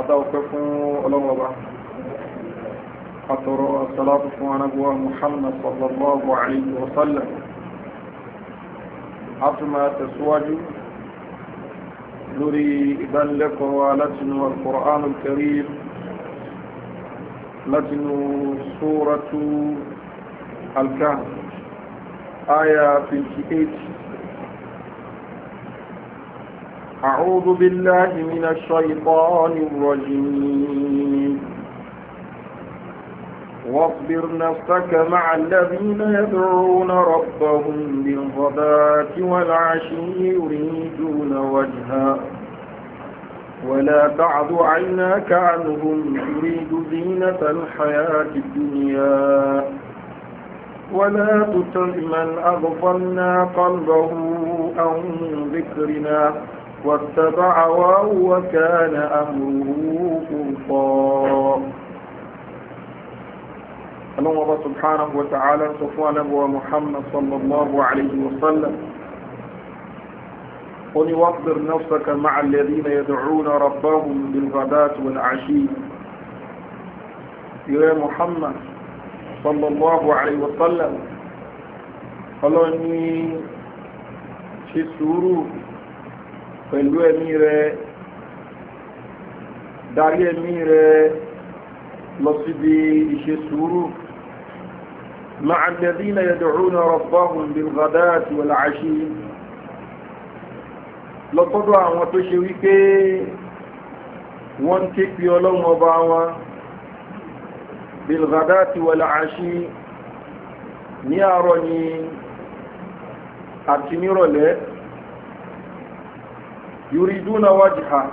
adáwọ̀pẹ́ fún ọlọ́mọba àtọ̀rọ̀ sọ́láàtù fún anábúwa muhammad sallallahu alayhi wa sallam a tún máa tẹ̀síwájú lórí ìdánilẹ́kọ̀ọ́ wa látinú alkùránù karim alkahf aya 28 أعوذ بالله من الشيطان الرجيم واصبر نفسك مع الذين يدعون ربهم بالغداة والعشي يريدون وجها ولا تعد عيناك عنهم تريد زينة الحياة الدنيا ولا تطع من أغفلنا قلبه من ذكرنا واتبع وهو كان أمره اللهم الله سبحانه وتعالى صفوان أبو محمد صلى الله عليه وسلم قل واقدر نفسك مع الذين يدعون ربهم بالغداة والعشي يا محمد صلى الله عليه وسلم قالوا إني شي سورو pẹ̀lú ẹ̀mí rẹ̀ darí ẹ̀mí rẹ̀ lọ síbi ìṣe sùúrù مع الذين يدعون ربهم بالغداة والعشي lọ́tọ́dọ̀ àwọn tó ṣe wípé wọ́n ké pí ọlọ́run ọba wọn bilghadati wal ashi ní àárọ̀ ni àti nírọ̀lẹ́ yuriduna wajha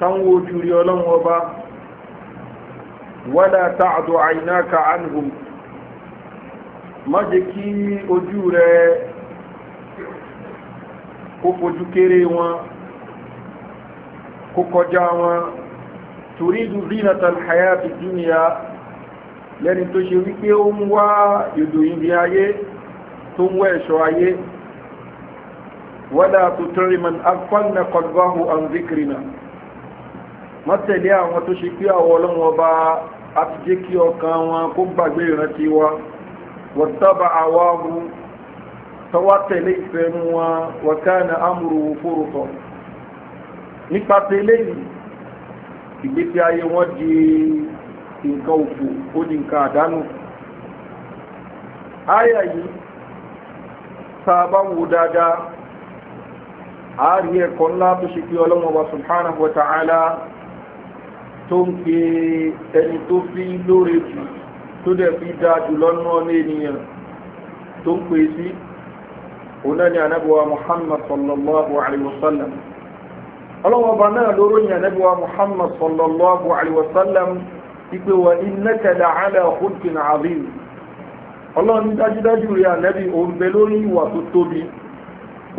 táwọn ojú rí ọlọ́run ọba wala ta'du aynaka anhum má jẹ́ kí ojú rẹ kó fojú kéré wọn kó kọjá turidu zinata alhayati dunya lẹ́ni tó ṣe wípé ó ń wá ìdòyìnbí ayé tó ń wá ẹ̀ṣọ́ ayé wala tutri man aghfalna qalbahu an dhikrina má tẹ̀lé àwọn tó ṣe pé àwọn ọlọ́run ọba a ti jẹ́ kí ọkàn wọn kó gbàgbé ìrántí wa wattaba awahu tọwọ́ tẹ̀lé ìfẹ́ nu wọn wa kana amruhu furuta nípa tẹ̀lé yìí ìgbésí ayé wọn di nǹkan òfò ó di nǹkan àdánù áyà yìí tá a bá wo dáadáa a rí ẹ̀kọ́ ńlá tó ṣe pé ọlọ́run ọba subhanahu wa ta'ala tó ń pe ẹni tó fi lóore jù tó dẹ̀ fi dáa jù lọ́nà ọ̀nà ènìyàn tó ń pè sí òun náà anábíwá muhammad sallallahu alayhi wa sallam ọlọ́wọ́ ọba náà lóró ní anábíwá muhammad sallallahu alayhi wa sallam ipe wa innaka la'ala khulqin azim ọlọ́run dájúdájú rí anábí òun bẹ lórí ìwà tó tóbi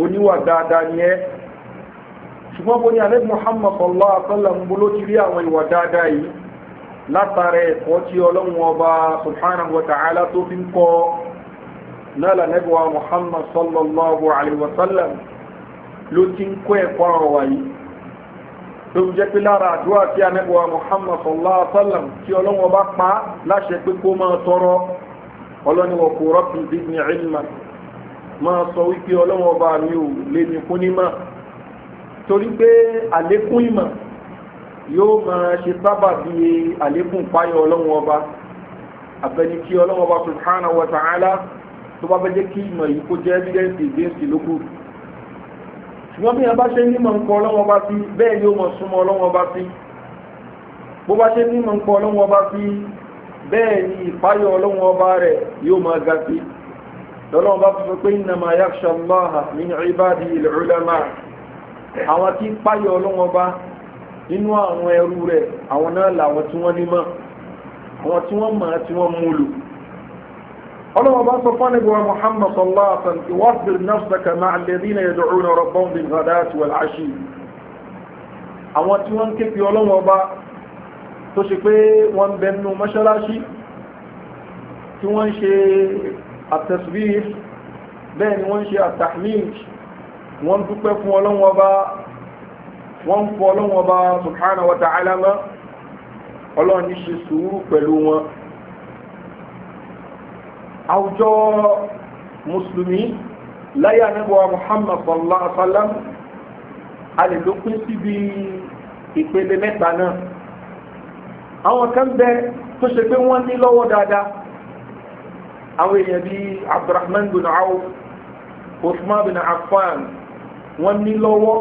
oníwà dáadáa ni ẹ́ ṣùgbọ́n bó ní alẹ́ muhammad sallallahu alaihi wa sallam bolo ti rí àwọn ìwà dáadáa yìí látara ẹ̀kọ́ tí ọlọ́run ọba subhanahu wa ta'ala tó fi ń kọ́ náà lànẹ́gbẹ̀wá muhammad sallallahu alaihi wa sallam ló ti ń kọ́ ẹ̀kọ́ ọ̀rọ̀ wa yìí tó ń jẹ́ pé lára àdúrà tí anẹ́gbẹ̀wá muhammad sallallahu alaihi wa sallam tí ọlọ́run ọba pa láṣẹ pé kó máa tọrọ ọlọ́ni wọ̀ rọ́pì bíbí ní ìlmà máa sọ wípé ọlọ́wọ́n bá mi ò lé mi kún ní mà torí pé àlékún ìmọ̀ yóò máa ṣe sábà bí àlékún páyọ̀ ọlọ́wọ́n ọba àbẹni kí ọlọ́wọ́n ọba subhanahu wa ta'ala tó bá fẹ́ jẹ́ kí ìmọ̀ yìí kó jẹ́ evidence against lókù ṣùgbọ́n bí wọ́n bá ṣe nímọ̀ ń kọ́ ọlọ́wọ́n sí bẹ́ẹ̀ yóò mọ̀ súnmọ́ ọlọ́wọ́n ọba sí bó bá ṣe nímọ̀ ń kọ́ ọlọ́wọ́n sí bẹ́ẹ̀ ni ìpáyọ̀ ọlọ́wọ́n ọba rẹ̀ yóò máa ga sí lọ́lọ́wọ́ bá fi pé innama yakhsha Allaha min ibadihi al-ulama àwọn tí ń páyọ̀ ọlọ́wọ́ bá nínú àwọn ẹrú rẹ̀ àwọn náà làwọn tí wọ́n nímọ̀ àwọn tí wọ́n mọ̀ tí wọ́n múlò ọlọ́wọ́ bá sọ fún ẹgbẹ̀rún Muhammad sallallahu alaihi wa sallam wasbir nafsaka ma'a alladhina yad'una rabbahum ń képe ọlọ́wọ́ bá tó ṣe pé wọ́n ń àtẹ̀sùbíf bẹ́ẹ̀ ni wọ́n ń ṣe àtàhmid wọ́n dúpẹ́ fún ọlọ́wọ́n bá wọ́n ń fọ́ ọlọ́wọ́n bá subhana wa ta'ala mọ́ ọlọ́run ní ṣe sùúrù pẹ̀lú wọn. àwùjọ mùsùlùmí láyé anábọ̀ muhammad sallallahu alaihi wa sallam a lè ló pín síbi ìpele mẹ́ta náà àwọn kan bẹ tó ṣe pé wọ́n ní lọ́wọ́ dáadáa àwọn èèyàn bíi abdulrahman bin awf usman bin affan wọ́n ní lọ́wọ́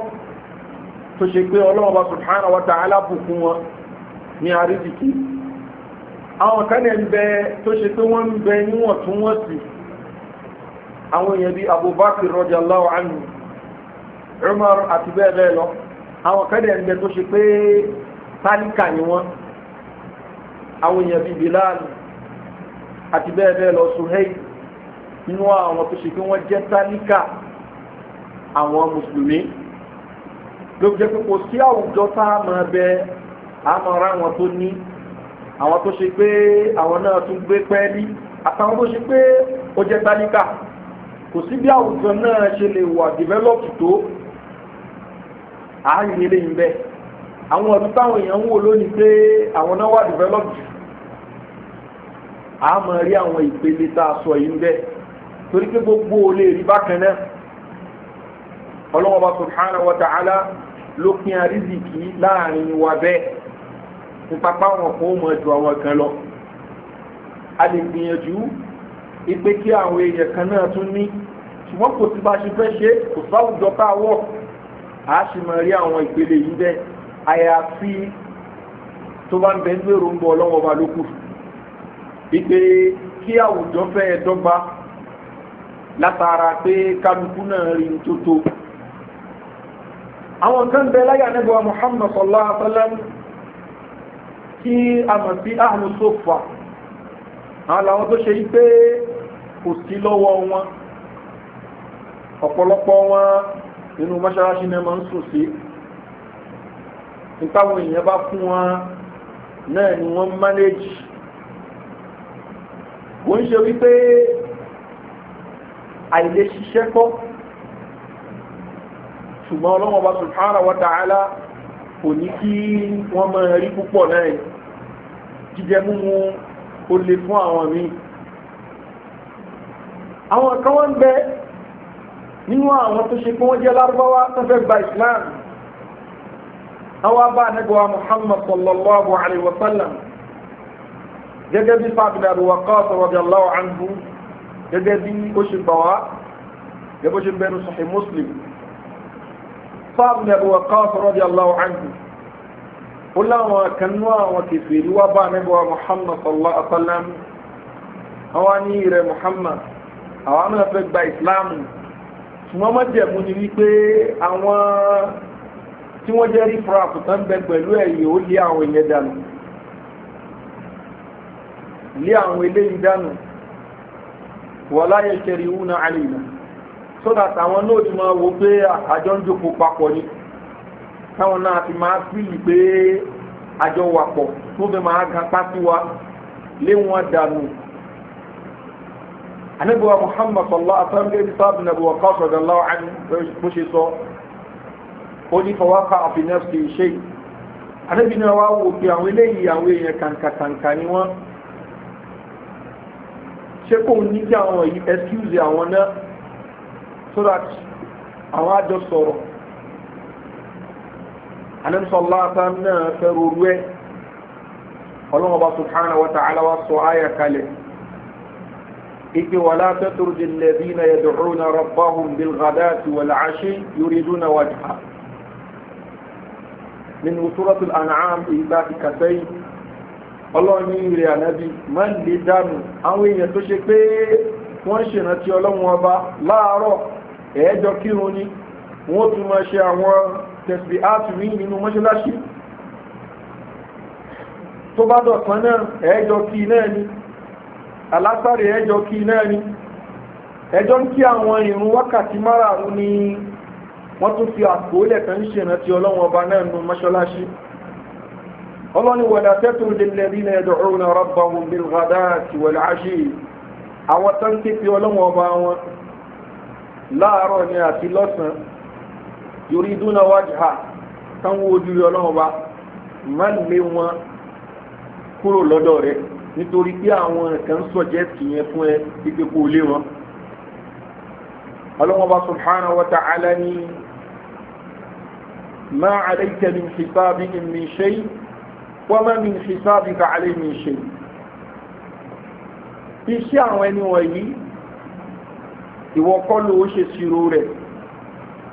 tó ṣe pé ọlọ́run ọba subhanahu wa ta'ala bùkún wọn ní àrídìkì àwọn kan ń bẹ tó ṣe pé wọ́n ń bẹ níwọ̀ntúnwọ̀nsì àwọn èèyàn bíi abubakar radiyallahu anhu umar àti bẹ́ẹ̀ bẹ́ẹ̀ lọ àwọn kan ń bẹ tó ṣe pé tálíkà ni wọ́n àwọn èèyàn bíi bilal àti bẹ́ẹ̀ bẹ́ẹ̀ lọ suhei nínú àwọn tó ṣe pé wọ́n jẹ́ tálíkà àwọn mùsùlùmí ló jẹ́ pé kò sí àwùjọ tá a máa bẹ àmọ́ ara wọn tó ní àwọn tó ṣe pé àwọn náà tún gbé pẹ́ẹ́lí àtàwọn tó ṣe pé ó jẹ́ tálíkà kò sí bí àwùjọ náà ṣe lè wà dìvẹ́lọ́pù tó ààyè eléyìí bẹ́ẹ̀ àwọn ọdún táwọn èèyàn ń wò lónìí pé àwọn náà wà dìvẹ́lọ́pù jù a máa rí àwọn ìpele tá a sọ yìí ń bẹ torí pé gbogbo ò lè rí bákan náà ọlọ́wọ́n bá subhanahu wa ta'ala ló pín àrízìkì láàrin wa bẹ́ẹ̀ nípa páwọn kan ó mọ ju àwọn kan lọ a lè gbìyànjú ipe kí àwọn èèyàn kan náà tún ní ṣùgbọ́n kò sí bá ṣe fẹ́ ṣe kò sáwùjọ tá a wọ̀ a ṣì máa rí àwọn ìpele yìí bẹ́ẹ̀ àyàfi tó bá ń bẹ ń gbèrò ń bọ ọlọ́wọ́n bá lókùn wípé kí àwùjọ fẹ́ dọ́gba látara pé kálukú náà rí tó tó àwọn nǹkan bẹ láyà nígbà Muhammad sallallahu alaihi wa sallam kí a mọ̀ sí ahlu sofa àwọn làwọn tó ṣe yí pé kò sí lọ́wọ́ wọn ọ̀pọ̀lọpọ̀ wọn nínú mọ́ṣáláṣí náà máa ń sùn sí nítawọn èèyàn bá fún wọn náà ni wọ́n mánéjì kò ń ṣe wípé àìlè ṣiṣẹ́ kọ́ ṣùgbọ́n ọlọ́wọ́ bá subhanahu wa ta'ala kò ní kí wọ́n máa rí púpọ̀ náà jíjẹ múmu ó le fún àwọn míì àwọn kan wọ́n ń nínú àwọn tó ṣe kí wọ́n jẹ́ lárúbáwá tó fẹ́ gba islam àwọn abá anagba sallallahu alayhi wa gẹ́gẹ́ bí fàbílẹ̀ Waqqas radiyallahu anhu gẹ́gẹ́ bí ó ṣe gbà wá gẹ́gẹ́ bó ṣe bẹ̀rù Sahih Muslim fàbílẹ̀ Waqqas radiyallahu anhu ó láwọn kanú àwọn kèfèrí wá bá nígbà Muhammad sallallahu alaihi wa sallam àwọn ní rẹ̀ Muhammad àwọn náà fẹ́ gba ìsìláàmù ṣùgbọ́n mọ́jẹ̀mú ni wípé àwọn tí wọ́n jẹ́ rí fúra àkùtàn bẹ pẹ̀lú ẹ̀yìn ó lé àwọn ìyẹn dànù lé àwọn eléyìí dànù wà yẹ kẹrì ìwúna àlè ìlà so that àwọn náà ti máa wo pé àjọ ń jókòó papọ̀ ni táwọn náà ti máa fílì pé àjọ wà pọ̀ tó fẹ́ máa gan pátí wa lé wọn dànù anabiwa muhammad sallallahu alaihi wa sallam gẹ́gẹ́ bí sábà nàbẹ̀wọ̀ kọ́sọ̀ bó ṣe sọ ó ní àfinẹ́sì ṣe wò pé àwọn eléyìí àwọn èèyàn ni wọ́n. ṣé kò ní kí àwọn yìí excuse àwọn náà so that àwọn àjọ sọ̀rọ̀ anamsọ̀lá àtàm náà fẹ́ rorú ẹ̀ ọlọ́wọ́ bá subhanahu wa ta'ala wa sọ àyà kalẹ̀ ike wàlá tẹ́tùrù di lẹ́bí na yẹ̀dùrú na rọ̀báhùn bí gàdáàtì wà láàṣẹ yorídú na wàjà min wùtúrọ̀tù ànàám ìgbà ti ọlọ́run ní ìrẹ̀ ànábì máa ń lè dànù àwọn èèyàn tó ṣe pé wọ́n ṣèrántí ọlọ́run ọba láàárọ̀ ẹ̀ẹ́jọ kírun ni wọ́n tún máa ṣe àwọn tẹ̀sí àtúnrí nínú mọ́ṣáláṣí tó bá dọ̀kan náà ẹ̀ẹ́jọ kí náà ni alásàrè ẹ̀ẹ́jọ kí náà ni ẹjọ́ ń kí àwọn ìrun wákàtí márààrún ni wọ́n tún fi àkóólẹ̀ kan ń ṣèrántí ọlọ́run ọba náà nínú mọ́ṣáláṣí ọlọ́ni wọ̀lá tẹ́tùn lèlẹ́rí na ẹ̀dọ̀ ọ̀run náà rọ́bà wọn bí rádá àti wọ̀lá àṣì àwọn tó ń ké pe ọlọ́wọ́n ọba wọn láàárọ̀ ni àti lọ́sàn-án yorí dúnà wájà táwọn ojú ọlọ́wọ́n ọba má lé wọn kúrò lọ́dọ̀ rẹ̀ nítorí pé àwọn kan sọ̀jẹ́ tìyẹn fún ẹ pípé kó lé wọn ọlọ́wọ́n ọba subhanahu wa ta'ala ni ma alayka min hisabihim min shay' wa ma min hisabika alayhim shay iṣẹ́ àwọn ẹni wọ̀nyí ìwọ kọ́ ló ṣe ṣirò rẹ̀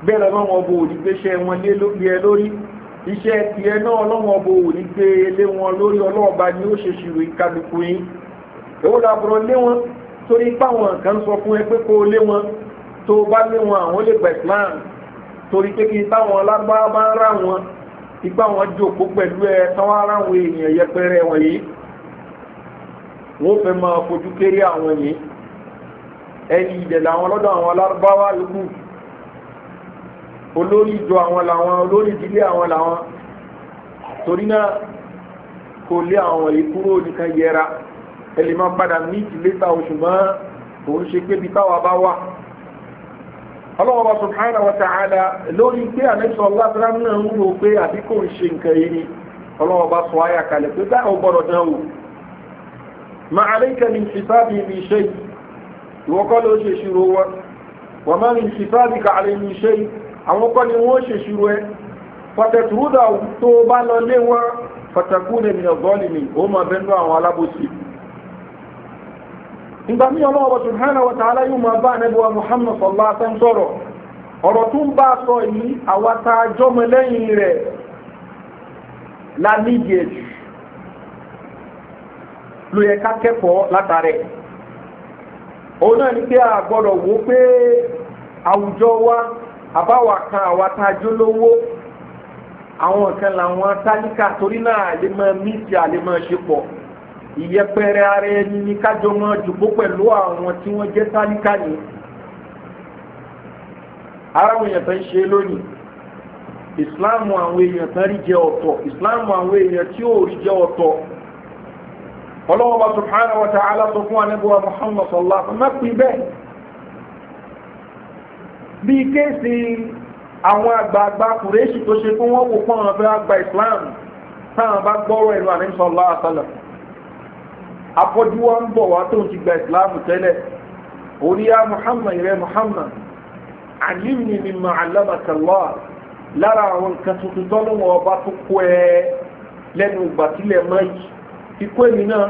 bẹ́ẹ̀ lọ́wọ́ wọn bò ní gbéṣẹ́ wọn lé ẹ lórí iṣẹ́ tiẹ̀ náà lọ́wọ́ bò ní gbé lé wọn lórí ọlọ́ọ̀ba ni ó ṣe ṣirò ìkàlùkù yín èwo làbúrò lé wọn torí páwọn kan sọ fún ẹ pé kó lé wọn tó bá lé wọn àwọn lè gbà Islam torí pé kí táwọn alágbá bá ń rà wọn igbá wọn jókòó pẹ̀lú ẹ táwọn aráwọn èèyàn yẹpẹrẹ wọn yìí wọ́n fẹ́ máa fojú kéré àwọn yìí ẹni ìdẹ̀ làwọn lọ́dọ̀ àwọn alárúbáwá yòókù olórí ìjọ àwọn làwọn olórí ìdílé àwọn làwọn torí náà kò lé àwọn yìí kúrò nìkan yẹra ẹ lè máa padà ní ìdílé ta oṣù mọ́ òun ṣe pé bí táwa bá wà ọlọ́wọ́ba subhanahu wa ta'ala lórí pé àmẹ́sọ̀ ọlọ́dúnrà náà ń rò pé àbí kò ń ṣe nǹkan yìí ni ọlọ́wọ́ba sọ ayà kalẹ̀ pé bá ò gbọ́dọ̀ dán o ma alayka min hisabi min shay ìwọ kọ́ ló ṣe ṣirò wọn wa ma min hisabika alayhi min shay àwọn kọ́ ni wọ́n ṣe ṣirò ẹ fàtẹ̀tùrúdà tó bá lọ lé wọn fatakuna ìgbà mí ọlọ́wọ́ subhanahu wa ta'ala yóò máa bá anábíwá muhammad sallallahu alaihi wa sallam sọ̀rọ̀ ọ̀rọ̀ tó ń bá a sọ yìí àwa tá a jọmọ lẹ́yìn rẹ̀ la nídìí ẹ̀jù ló yẹ ká kẹ́kọ̀ọ́ látàrẹ̀ òun náà ni pé a gbọ́dọ̀ wò pé àwùjọ wa àbáwà kan àwa tá àwọn kan làwọn tálíkà torí náà àlè máa mí ti àlè máa ṣe pọ̀ ìyẹpẹrẹ ara ẹni ní kájọ máa jòkó pẹ̀lú àwọn tí wọ́n jẹ́ tálíkà ní ara àwọn èèyàn tó ń ṣe lónìí ìsìláàmù àwọn èèyàn tó rí jẹ ọ̀tọ̀ ìsìláàmù àwọn èèyàn tí ò rí jẹ ọ̀tọ̀ ọlọ́wọ́ bá subhanahu wa ta'ala sọ fún anábíwá muhammad sallallahu alaihi bẹ́ẹ̀ bí kéèsì àwọn àgbààgbà kùrẹ́ṣì tó ṣe fún wọn wò fún àwọn afẹ́ àgbà ìsìláàmù táwọn bá gbọ́rọ̀ ẹ̀rọ àníṣọ́lá àtàlẹ̀ afọ́jú wa ń bọ̀ wá tó ti gba ìsìláàmù tẹ́lẹ̀ orí ya muhammad rẹ muhammad alimni mimma alamakallah lára àwọn nǹkan tuntun tọ́lọ́wọ́ ọba tó kó ẹ lẹ́nu ìgbà tílẹ̀ mọ́ yìí ikú èmi náà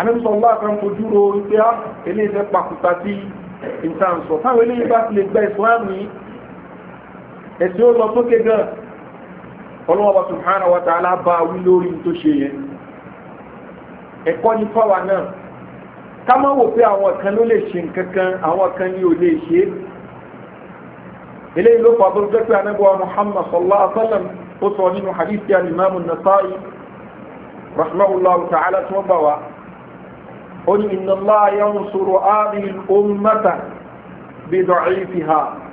anamsọ ọlá kan fojú ro wípé á ah, eléyìí pàkúta sí ìtànsọ táwọn eléyìí bá ti gba ìsìláàmù yìí ẹ̀sìn ó lọ sókè gan ọlọ́wọ́ bá subhanahu wa ta'ala bá wí lórí tó yẹn ẹ̀kọ́ ní fáwa náà ká má wò pé àwọn kan ló lè ṣe nǹkan kan àwọn kan ni ò lè ṣe é eléyìí ló fà bọ́lú pẹ́pẹ́ anábọ́wá muhammad sallallahu alaihi wa sallam ó sọ nínú hadithi alimami nasa'i rahmatullahi ta'ala tí gbà wá ó ní inna allah yansuru hadhihi al-ummata bi da'ifiha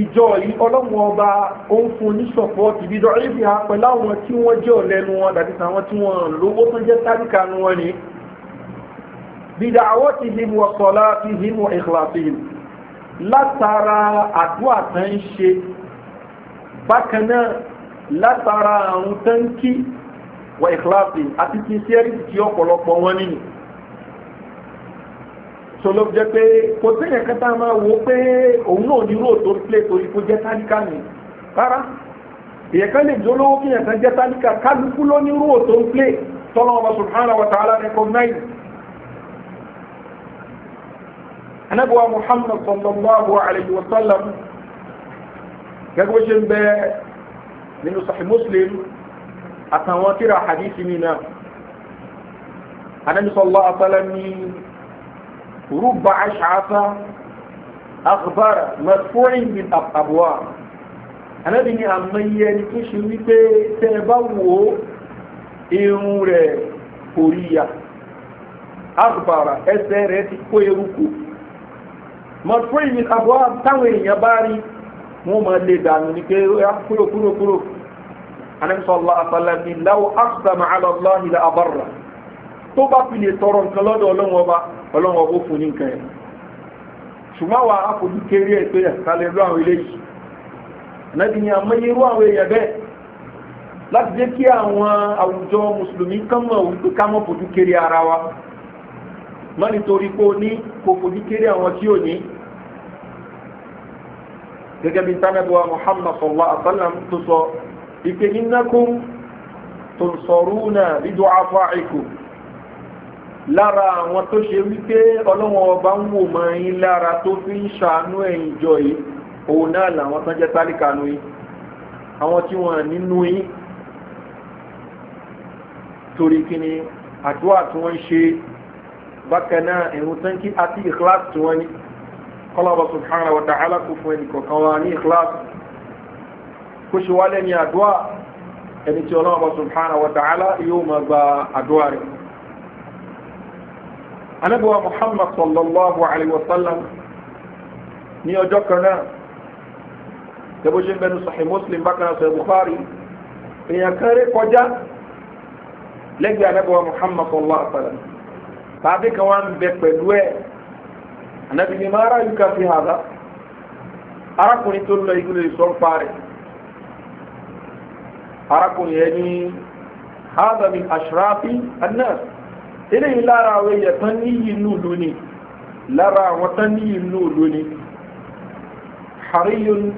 ìjọ yìí ọlọ́run ọba ó ń fún ní sọ̀pọ́ọ̀tì bí dọ́rí fi hàn pẹ̀lú àwọn tí wọ́n jẹ́ ọ̀lẹ́nu wọn dàbí sàwọn tí wọ́n lówó tó jẹ́ tábìkà nu wọn ni. bìdà àwọ̀ ti hi mu ọ̀sọ̀lá ti hi mu ìhlàfíìn látara àdúrà tó ń ṣe bákan náà látara àrùn tó ń kí wọ ìhlàfíìn àti sincerity tí ọ̀pọ̀lọpọ̀ wọn nìyí tó ló jẹ́ pé kò sẹ́yìn kẹta máa wò ó pé òun náà ní róò tó ń plé torí kó jẹ́ tálíkà ni rárá èyàn kan lè jólówó kí èyàn kan jẹ́ tálíkà kálukú ló ní róò tó ń plé tọ́lọ́ ọba subhanahu wa ta'ala recognize anabuwa muhammad sallallahu alayhi wa sallam gẹ́gbẹ́ ṣe ń bẹ nínú sahih muslim àtàwọn tíra hadith mi náà anabi sallallahu alayhi wa sallam ni رب أشعث أخبار مدفوع بالأبواب ya mọ̀tò táwọn èèyàn bá rí ma lè dànù ní pé kúrò kúrò kúrò tọrọ nǹkan lọ́dọ̀ ọlọ́run ọkọ̀ fún ní nǹkan ẹ̀ ṣùgbọ́n wa akọ̀jú kéré ẹ̀ pé àkàlẹ̀ irú àwọn ilé yìí nàbí ni àmọ́yé irú àwọn èèyàn bẹ́ẹ̀ láti jẹ́ kí àwọn àwùjọ mùsùlùmí kán mọ̀ wípé ká mọ̀ fojú kéré ara wa mọ́ nítorí pé o ní kò fojú kéré àwọn tí ò ní gẹ́gẹ́ bí tánàbíwá muhammad sallallahu alaihi tó sọ ìpè innakum tunsaruna bidu'afaikum lára àwọn tó ṣe wípé ọlọ́wọ́n ọba ń wò mọ́ yín lára tó fi ń ṣàánú ẹ̀yìn jọ yìí òun náà làwọn tó jẹ́ tálíkà nu yín àwọn tí wọ́n nínú yín torí kíni àdúrà tí wọ́n ń ṣe bákan náà ẹ̀rùn tán kí àti ìkíláàsì tí wọ́n ní kọ́lọ́bọ̀ subhanahu wa ta'ala kò fún ẹnì kọ̀ọ̀kan wa ní ìkíláàsì kó ṣe wálé ní àdúrà ẹni tí ọlọ́wọ́ subhanahu wa ta'ala yóò máa gba àdúrà rẹ̀ anábíwá muhammad sallallahu alayhi wa sallam ní ọjọ́ kan náà tẹ́bó ṣe ń bẹnu sahih muslim bákan náà sahih bukhari èèyàn kan rí kọjá lẹ́gbẹ̀ẹ́ anábíwá muhammad sallallahu alayhi wa sallam tàbí kan wá ń bẹ pẹ̀lú ẹ̀ anábí ni máa ráyù ká fi hàdá arákùnrin tó lọ ìgbìlẹ̀ ìsọ̀npa rẹ̀ arákùnrin yẹn ní hàdá ashrafi an eléyìí lára àwọn èèyàn tán ní inú ìlú ni lára àwọn tán ní inú ìlú ni hariyun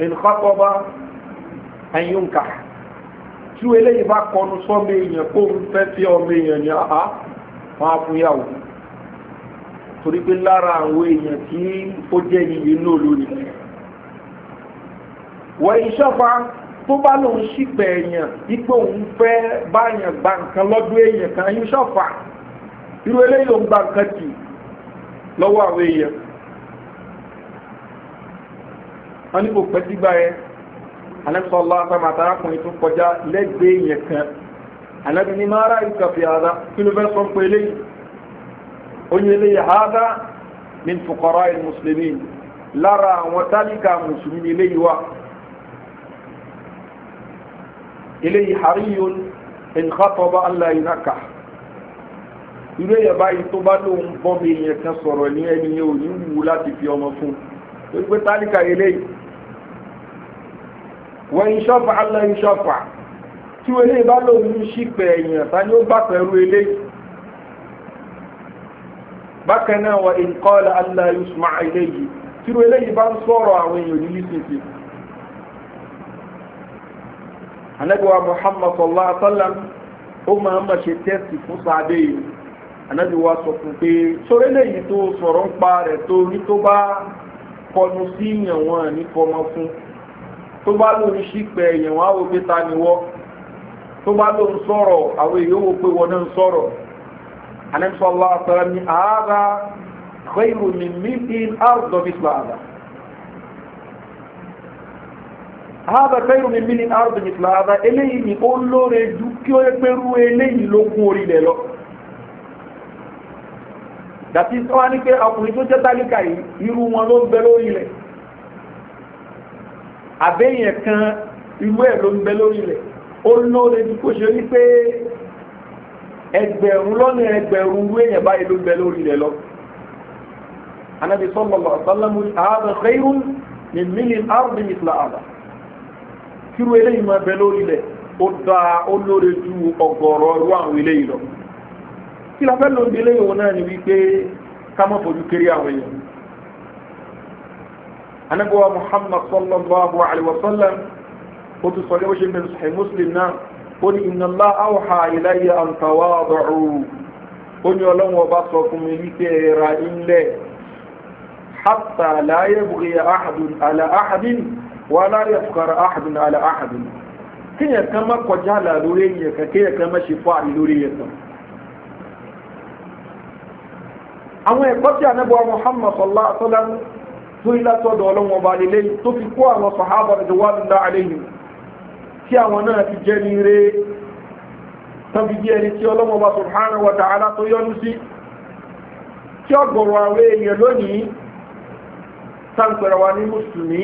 nkọ́tọ́ba ayunka tí eléyìí bá kọnu sọ́mọ èèyàn kó ń fẹ́ fi ọmọ èèyàn ni àá wọn fún yàwó torí pé lára àwọn èèyàn tí ó jẹ́ yìí inú ìlú ni wọ́n iṣẹ́ fa tó bá lòun ṣìpẹ̀ èèyàn ipò òun fẹ́ báyàn gba nǹkan lọ́dún èèyàn kan yín ṣọ̀fà irú eléyìí ló ń gba nǹkan tì lọ́wọ́ àwọn èèyàn wọ́n ní kò pẹ́ sígbà yẹn anẹ́sọ̀ ọlọ́ afẹ́mọ̀ àtàràkùnrin tó kọjá lẹ́gbẹ̀ẹ́ èèyàn kan anẹ́bí ní máa ráyè kàfí àdá kí ló fẹ́ sọ pé eléyìí onye eléyìí àdá min fuqara al-muslimin lára àwọn tálíkà mùsùlùmí eléyìí wà eléyìí hariyun إن خطب irú èèyàn báyìí tó bá lóun bọ́mi èèyàn kan sọ̀rọ̀ ní ẹni yẹn ò ní wù láti fi ọmọ fún un pé tálíkà eléyìí wọ́n ìṣọ́fà aláìṣọ́fà tí eléyìí bá lóun ń ṣìpẹ̀ èèyàn ta ni ó bá pẹ̀lú eléyìí bákan náà wọ́n ìkọ́lá aláìṣọ́fà eléyìí tí eléyìí bá ń sọ̀rọ̀ àwọn èèyàn ní lísìsì anabiwa muhammad sallallahu alaihi wa sallam ó máa ma ṣe tẹ́sì fún sáadé yìí anabiwa sọ fún pé sórí lẹ́yìn tó sọ̀rọ̀ ń pa rẹ̀ tó ní tó bá kọnu sí yàn wọn ní fọmọ fún tó bá lóun ṣìpẹ̀ yàn àwọn òbí ta ni wọ́ tó bá lóun sọ̀rọ̀ àwọn èèyàn wò pé wọn ń sọ̀rọ̀ anabi sallallahu alaihi wa sallam ní ààrà khairu min mi'in ardh misla ààrà. hada kẹrù mi mini ardu mitla hada eléyìí ni ó lóore ju kí ó pẹ́rú eléyìí ló kún orílẹ̀ lọ dàtí sọ wá ní pé ọkùnrin tó jẹ́ tálíkà yìí irú wọn ló ń bẹ lórí ilẹ̀ àbẹ́yẹn kan irú ẹ̀ ló ń bẹ lórí ilẹ̀ ó lóore ju kó ṣe wípé ẹgbẹ̀rún lọ́nà ẹgbẹ̀rún irú èèyàn báyìí ló ń bẹ lórí ilẹ̀ lọ anabi sallallahu alaihi wasallam ààbẹ̀ kẹrù mi mini ardu mitla hada kíru eléyìí máa bẹ lórí ilẹ̀ ó dáa ó lóore ju ọ̀gọ̀rọ̀ irú àwọn eléyìí lọ kí la fẹ́ lóde eléyìí òun náà ni wípé ká má fojú kéré àwọn èèyàn anabuwa muhammad sallallahu alaihi wa sallam ó tún sọ ní wọ́n ṣe mẹ́rin sahih muslim náà ó ní inna Allah awha ilayya an tawadu ó ní ọlọ́run ọba sọ fún mi wípé ẹ̀ra ilẹ̀ hatta la yabghi ahadun ala ahadin wàhálà yẹ fukara ahadun ala ahadun kéèyàn kan má kọjá àlà lórí èèyàn kan kéèyàn kan má ṣe fún àrí lórí èèyàn kan. àwọn ẹ̀kọ́ tí anábọ̀ muhammad sọlá sọlá tó ilá sọ́dọ̀ ọlọ́wọ́n ọba nílé tó fi kó àwọn sàhábà rẹ̀ wá nílá àlẹ́yìn tí àwọn náà ti jẹ́ ní ire tàbí bí ẹni tí ọlọ́wọ́n ọba subhanahu wa ta'ala tó yọ́nú sí tí ọgọ̀rọ̀ àwọn èèyàn lónìí tàǹpẹ̀rẹ̀ wa ní mùsùlùmí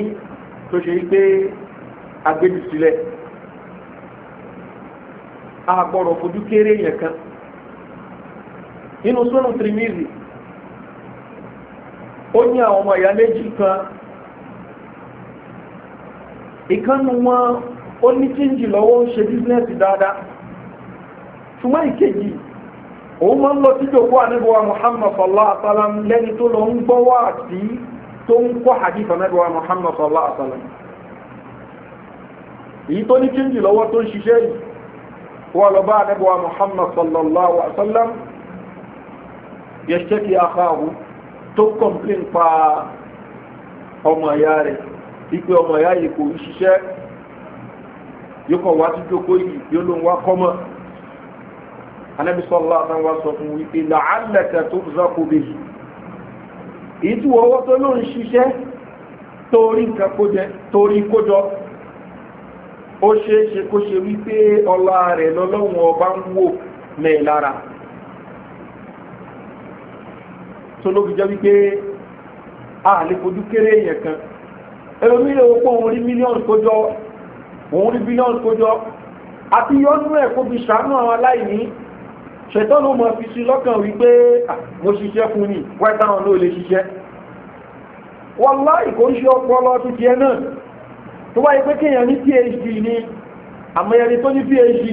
tó ṣe wípé agbẹ́jù sílẹ̀ a fojú kéré yẹn kan nínú sọ́nù tìrìmìrì ó ní àwọn ọmọ ìyá méjì kan ìkànnù wọn ó ní chíńjì lọ́wọ́ ń ṣe bísínẹ́sì dáadáa ṣùgbọ́n ìkejì òun máa ń lọ sí ìjòkó àníbọ̀wá muhammadu allah lẹ́ni tó lọ ń tó ń kọ́ hadith anábíwá muhammad sallallahu alaihi wa sallam èyí tó ní kíńjì lọ́wọ́ tó ń ṣiṣẹ́ yìí wọ́n lọ bá anábíwá muhammad sallallahu alaihi wa sallam yẹ́ṣẹ́kì àkàwù tó kọ̀m̀plín pa ọmọ ìyá rẹ̀ ipe ọmọ ìyá yìí kò ṣiṣẹ́ yóò kàn wá sí jókòó yìí yóò ló ń wá kọ́mọ́ anábísọ́lá àtàwọn sọ fún wípé làálẹ̀kẹ̀ tó zọ́kọ̀ bẹ́ẹ̀ èyí tí owó tó ló ń ṣiṣẹ́ torí nǹkan torí kójọ ó ṣe é ṣe kó ṣe wípé ọlá rẹ̀ lọ́lọ́run ọba ń wò mẹ́ lára tó ló fi jẹ́ wípé a lè fojú kéré èèyàn kan ẹlòmíràn ó pọ̀ òun rí mílíọ̀nù kójọ àti yọ́nú ẹ̀ kó fi ṣàánú àwọn aláìní ṣètọ́nù mọ̀ fi sí lọ́kàn wípé mo ṣiṣẹ́ fún ni wáyé táwọn náà lè ṣiṣẹ́ wàláhì kò ń ṣe ọpọlọ títí ẹ náà tó wáyé pé kéèyàn ní phd ni àmọ́ ẹni tó ní phd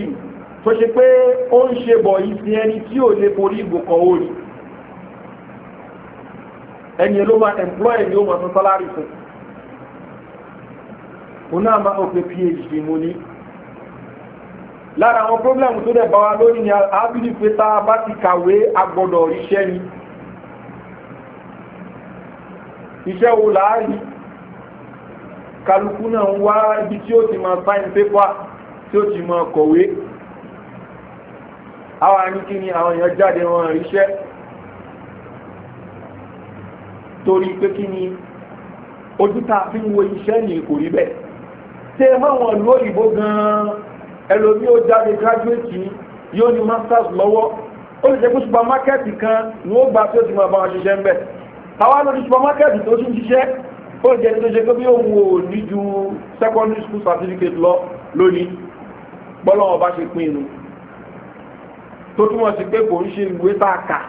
tó ṣe pé ó ń ṣe bọ̀ ìsìn ẹni tí ò lè forí ìgbòkan orí ẹni ló máa employer ni ó máa san sálárì fún un náà máa ń pe phd mo ní lára àwọn pírọ́blẹ̀mù tó dẹ̀ bá wa lórí ni ábílì pé tá a bá ti kàwé agbọ́dọ̀ ríṣẹ́ ni iṣẹ́ wo láàárí kálukú náà ń wá ibi tí ó ti máa sign paper tí ó ti máa kọ̀wé àwọn àníkí ni àwọn èèyàn jáde wọn ríṣẹ́ torí pé kí ni ojú tá a fi ń wo iṣẹ́ ni kò rí bẹ́ẹ̀ tẹ́ ẹ máa wọn lóyìnbó gan-an ẹlòmí ó jáde graduate yóò ní masters lọ́wọ́ ó lè jẹ́ pé supermarket kan ni ó gbà tí ó ti máa bá wọn ṣiṣẹ́ ń bẹ̀ àwa lọ ní supermarket tó ti ń ṣiṣẹ́ ó jẹ́ tó ṣe pé bí òun ò ní ju secondary school certificate lọ lónìí bọ́lọ́wọ́ bá ṣe pín inú tó túmọ̀ sí pé kò ń ṣe ìwé tá a kà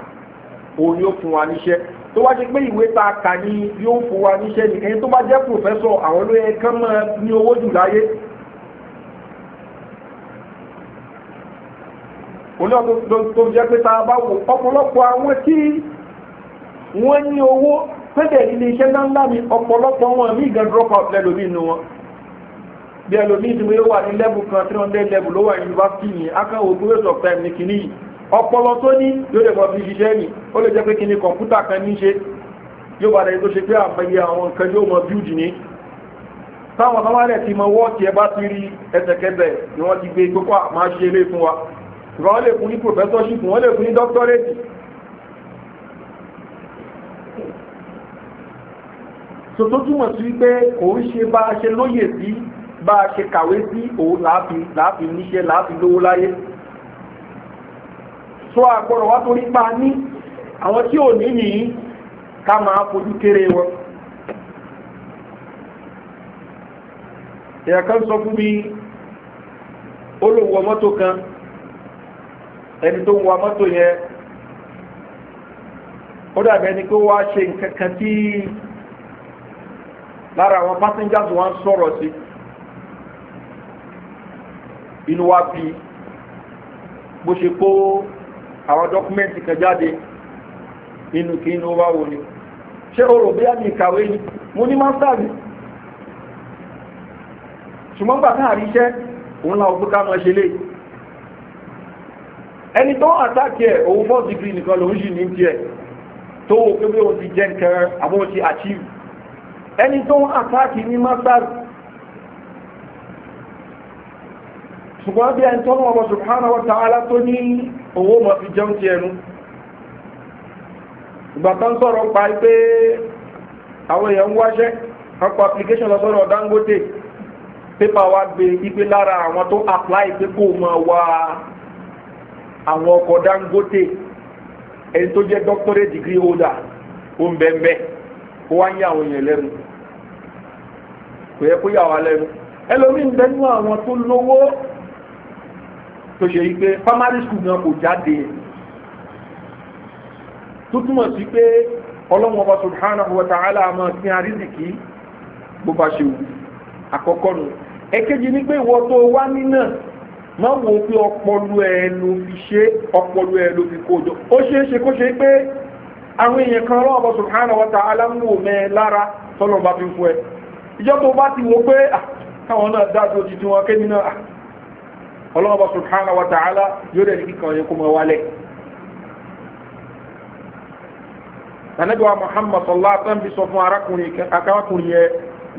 òun yóò fún wa níṣẹ́ tó wá ṣe pé ìwé tá a kà ni yóò fún wa níṣẹ́ nìkan tó bá jẹ́ professor àwọn olóyè kan máa ní owó jù láyé oní ọdún tó jẹ́ pé tá a bá wò ọ̀pọ̀lọpọ̀ àwọn tí wọ́n ní owó pẹ́tẹ̀ ilé iṣẹ́ ńláńlá mi ọ̀pọ̀lọpọ̀ wọn mí gan drop out lẹ́lòmí inú wọn bí ẹlòmí ti wọ́n wà ní level kan three hundred level ló wà ní yunifásitì yìí akẹ́wò tó waste ní kìíní yìí ọpọlọ tó ní yóò lè kọ́ ṣiṣẹ́ ni ó lè jẹ́ pé kìíní kọ̀ǹpútà kan ní ṣe yóò bá dẹ̀ tó ṣe pé àmọye àwọn nǹkan yóò mọ build ní táwọn kan wá rẹ̀ ti mọ wọ́ọ̀tì ẹ bá ti rí ẹsẹ̀kẹsẹ̀ ni wọ́n ti gbé kókó àmọ́ ṣe fún wa ṣùgbọ́n wọ́n lè fún ní professorship wọ́n lè fún ní doctorate so tó túmọ̀ sí wípé òun ṣe bá a ṣe lóye sí bá a ṣe kàwé sí òun láàfin láàfin níṣẹ́ láàfin lówó láyé so àpọ̀rọ̀ wá torí pa ní àwọn tí ò ní nìyí ká máa fojú kéré wọn. èèyàn kan sọ fún mi ó lò wọ mọ́tò kan ẹni tó ń wa mọ́tò yẹn ó dàbí ẹni pé wá ṣe nǹkan kan tí lára àwọn passengers wa ń sọ̀rọ̀ sí inú wa bí bó ṣe kó àwọn dọ́kúmẹ́ǹtì kan jáde inú kí inú wa wò ni ṣé o rò bóyá mi ìkàwé ni mo ní masters ni ṣùgbọ́n gbà táà ríṣẹ́ òun làwọn gbé ká máa ṣe léyìí. ẹni tó àtàkì ẹ̀ òun fọ́ dìgírì nìkan lòun yìí ní tiẹ̀ tó wò pé bí òun ti jẹ́ nǹkan àbọ̀ ti achieve ẹni tó àtàkì ní masters ṣùgbọ́n bí ẹni tó ń wọ́n subhanahu wa tó ní owó mọ̀ fi jẹun ti ẹnu ìgbà kan application lọ Dangote pépà wa gbé ipe lára àwọn tó apply pé kó wa. àwọn ọkọ̀ dangote ẹni tó jẹ́ doctorate degree holder ó ń bẹ́ẹ̀ kó wá ń yà àwọn èèyàn lẹ́nu kò yẹ kó yà wá lẹ́nu ẹlòmíì ń bẹ́nu àwọn tó lówó tó ṣe yí pé primary school náà kò jáde tó túmọ̀ sí pé ọlọ́wọ́n ọba subhanahu wa ta'ala àmọ́ sí àrísìkí bó bá ṣe wù àkọ́kọ́ nù ẹ̀kejì ni pé ìwọ tó wá ní n'a wo pé ọpọlọ ẹ ló fi ṣe ọpọlọ ẹ ló fi kójọ ó ṣeé ṣe kó ṣe pé àwọn èèyàn kan lọ́wọ́ subhanahu wa ta'ala ń wò mẹ́ lára tọ́lọ̀ bá fi fún ẹ ìjọ tó bá ti wo pé àwọn náà dájú ojú tí ọlọ́wọ́ wa yóò rẹ̀ kó mọ wálẹ̀ sọ fún arákùnrin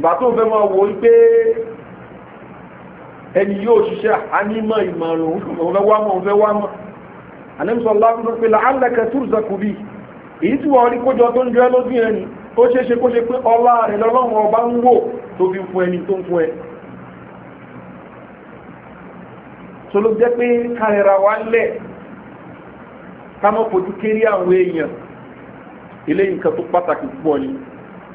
bàtó fẹ́ ẹni yóò ṣiṣẹ́ ànímọ̀ ìmọ̀ràn òun fẹ́ wá mọ̀ òun fẹ́ wá mọ̀ ànímsọ̀ lábúrú pé làálẹ̀kẹ́ túrùsẹ̀kù bí èyí tí wọ́n rí kójọ tó ń jẹ́ lójú ẹni ó ṣe é ṣe kó ṣe pé ọlá rẹ̀ lọ́lọ́run ọba ń wò tó fi fún ẹni tó ń fún ẹ tó ló jẹ́ pé káyẹ̀rà wá lẹ̀ ká mọ́ fojú kéré àwọn èèyàn ilé nǹkan tó pàtàkì púpọ̀ ni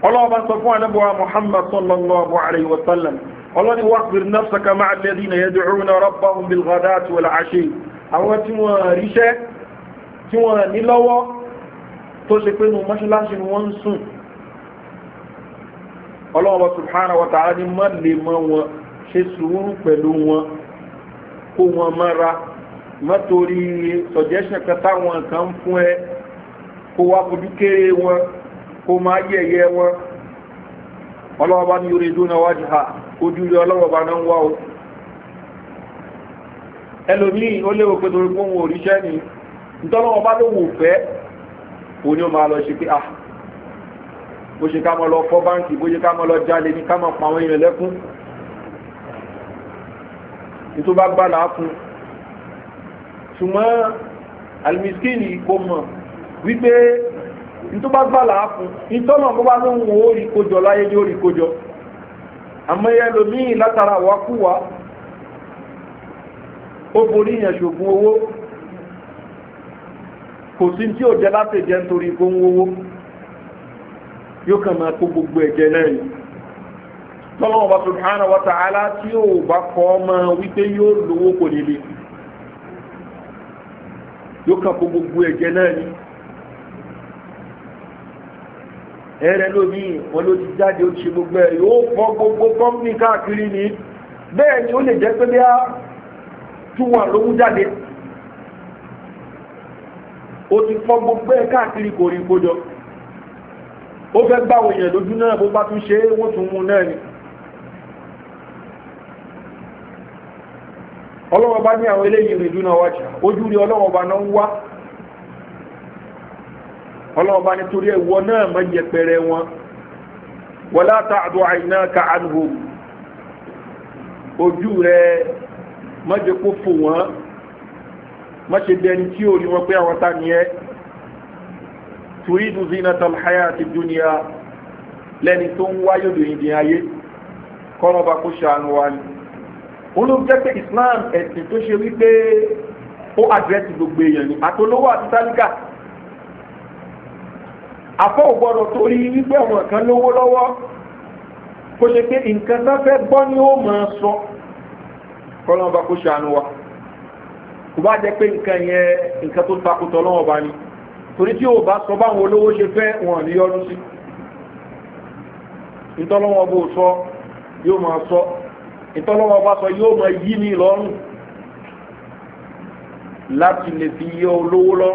ọlọ́ọ̀bá Muhammad sallallahu alayhi wa sallam ọlọ́ni waqfir nafsaka ma'a alladhina yad'una rabbahum bil ghadati wal 'ashi àwọn tí wọ́n ríṣẹ́ tí wọ́n ní lọ́wọ́ tó ṣe pé nù mọ́ṣáláṣí ni wọ́n ń sùn ọlọ́wọ́ subhanahu wa ta'ala ni má lè mọ́ wọn kan fún ẹ kó wá fojú kéré wọn kó máa yẹ̀yẹ́ wọn ọlọ́wọ́ bá ní orí ìdúnà wájú ha ojú ilé ọlọ́wọ́ bá náà ń wá o ẹlòmíì ó léwo pé torí pọ́n òríṣẹ́ ni ìtọ́lọ́wọ́ bá ló wò fẹ́ o ní o máa lọ ṣe pé ah bó ṣe ká mọ́ lọ fọ́ báǹkì bó ṣe ká mọ́ lọ jalè ní ká mọ́ pa àwọn èèyàn lẹ́kún tó bá gbà láàkún ṣùgbọ́n alimiskin kò mọ̀ wípé nítorí bá gbà láà fún ìtọ́nà bó bá ló ń wo orí kojọ láyé yóò rí kojọ àmọ́ yẹn lomiì látara wákúwá ó borí yẹn ṣògùn owó kò sí tí ò jẹ láti jẹ nítorí kó ń wówó yóò kàn máa kó gbogbo ẹ̀jẹ̀ náà yìí tọ́lọ́wọ́ bá subhanahu wa ta'ala tí yóò bá kọ́ ọmọ wípé yóò lówó kò nílé yóò kàn kó gbogbo ẹ̀jẹ̀ náà yìí. ẹ̀rẹ́ lómi wọn ló ti jáde ó ṣe gbogbo ẹ̀ yóò fọ́ gbogbo kọ́mpì káàkiri ni bẹ́ẹ̀ ni ó lè jẹ́ pé bí a tún wọn lówó jáde ó ti fọ́ gbogbo ẹ̀ káàkiri kò rí kójọ ó fẹ́ gbá àwọn lójú náà bó bá tún ṣe wọ́n tún mú náà ni. ọlọ́wọ́ bá ní àwọn eléyìí rìndúnà wájà ojú rí ọlọ́wọ́ bá náà ń wá ọlọ́run bá nítorí ẹ̀wọ́ náà má yẹpẹrẹ wọn wala ta'du aynaka anhum ojú rẹ má jẹ́ kó fò wọ́n má ṣe dẹni tí ò ní wọn pé àwọn ta ni ẹ́ turidu zinatal hayati dunya lẹ́ni tó ń wáyé lòyìnbí ayé kọ́nà bá kó ṣàánú wa ni olùjẹ́ pé Islam ẹ̀sìn tó ṣe wípé ó àdírẹ́sì gbogbo èèyàn ni àtolówó àti tálíkà àfọ́ ògbọ́dọ̀ torí wípé àwọn kan lówó lọ́wọ́ kó ṣe pé nǹkan tó fẹ́ gbọ́ ni ó máa sọ kọ́lọ́n bá kó ṣàánú wa kò bá jẹ́ pé nǹkan yẹn nǹkan tó takùtọ̀ lọ́wọ́ bá ní torí tí ò bá sọ báwọn olówó ṣe fẹ́ wọn ní yọrù sí ìtọ́lọ́wọ́ bó sọ yóò máa sọ ìtọ́lọ́wọ́ bá sọ yóò máa yí ní lọ́rùn láti lè fi yọ olówó lọ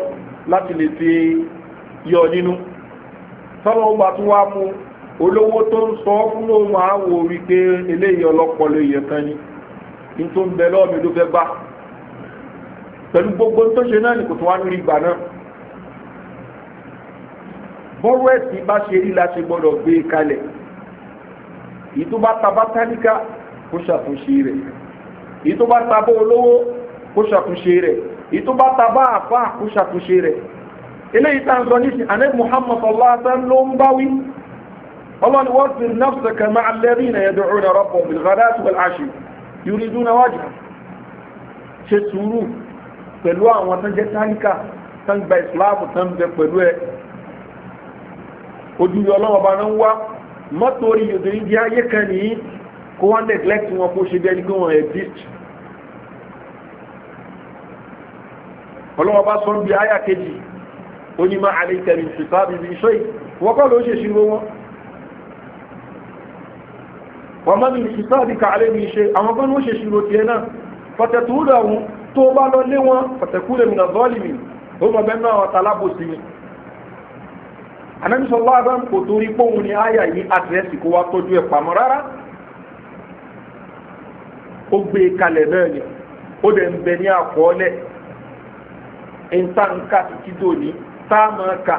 láti lè fi yọ nínú tọ́lọ́ ọba tún wá mú olówó tó ń sọ fún òun àwò wípé eléyìí ọlọ́pọlọ èèyàn kan ni ní tó ń bẹ lọ́ọ̀mí ló fẹ́ bá pẹ̀lú gbogbo tó ṣe náà ní kò tó wá nírí ìgbà náà bọ́rọ̀ ẹ̀sìn bá ṣe rí la ṣe gbọ́dọ̀ gbé e kalẹ̀ èyí tó bá ta bátálíkà kó ṣàtúnṣe rẹ̀ èyí tó bá ta olówó kó ṣàtúnṣe rẹ̀ èyí ta bá àfáà kó ṣàtúnṣe rẹ̀ eléyìí tá à ń sọ nísìn ànábì muhammad sallallahu alaihi wa sallam ló ń báwí ọlọ́ni wọ́n ti nafsa kama alladhina yad'una rabbahum bil ghadati wal ashi yuriduna wajha ṣe sùúrù pẹ̀lú àwọn tó jẹ́ táníkà tó ń gba ìsìláàmù tó ń bẹ pẹ̀lú ẹ̀ ojú ọlọ́wọ́ bá ń wá mọ́tò orí yòdò ìdí ayé kan nìyí kó wọ́n neglect wọn kó ṣe bẹ́ẹ̀ ni kó wọ́n exist. ọlọ́wọ́ bá sọ bí àyà kejì onímọ̀ àlẹ́kẹ̀rin ṣùgbà bíbi iṣẹ́ ìwọ́kọ́ ló ṣe ṣírò wọn wọ́n mọ́ nínú ìṣẹ́ àdíkà alẹ́ ní iṣẹ́ àwọn kan ló ṣe ṣírò ti ẹ̀ náà fọ̀tẹ̀túrà wọn tó bá lọ lé wọn fọ̀tẹ̀kúrẹ̀ mi nàzọ́ọ̀lì mi ó mọ̀ bẹ́ẹ̀ náà ọ̀tà alábòsí mi anamisọ lọ́wọ́ kò e ń ká títí dòní tá a máa kà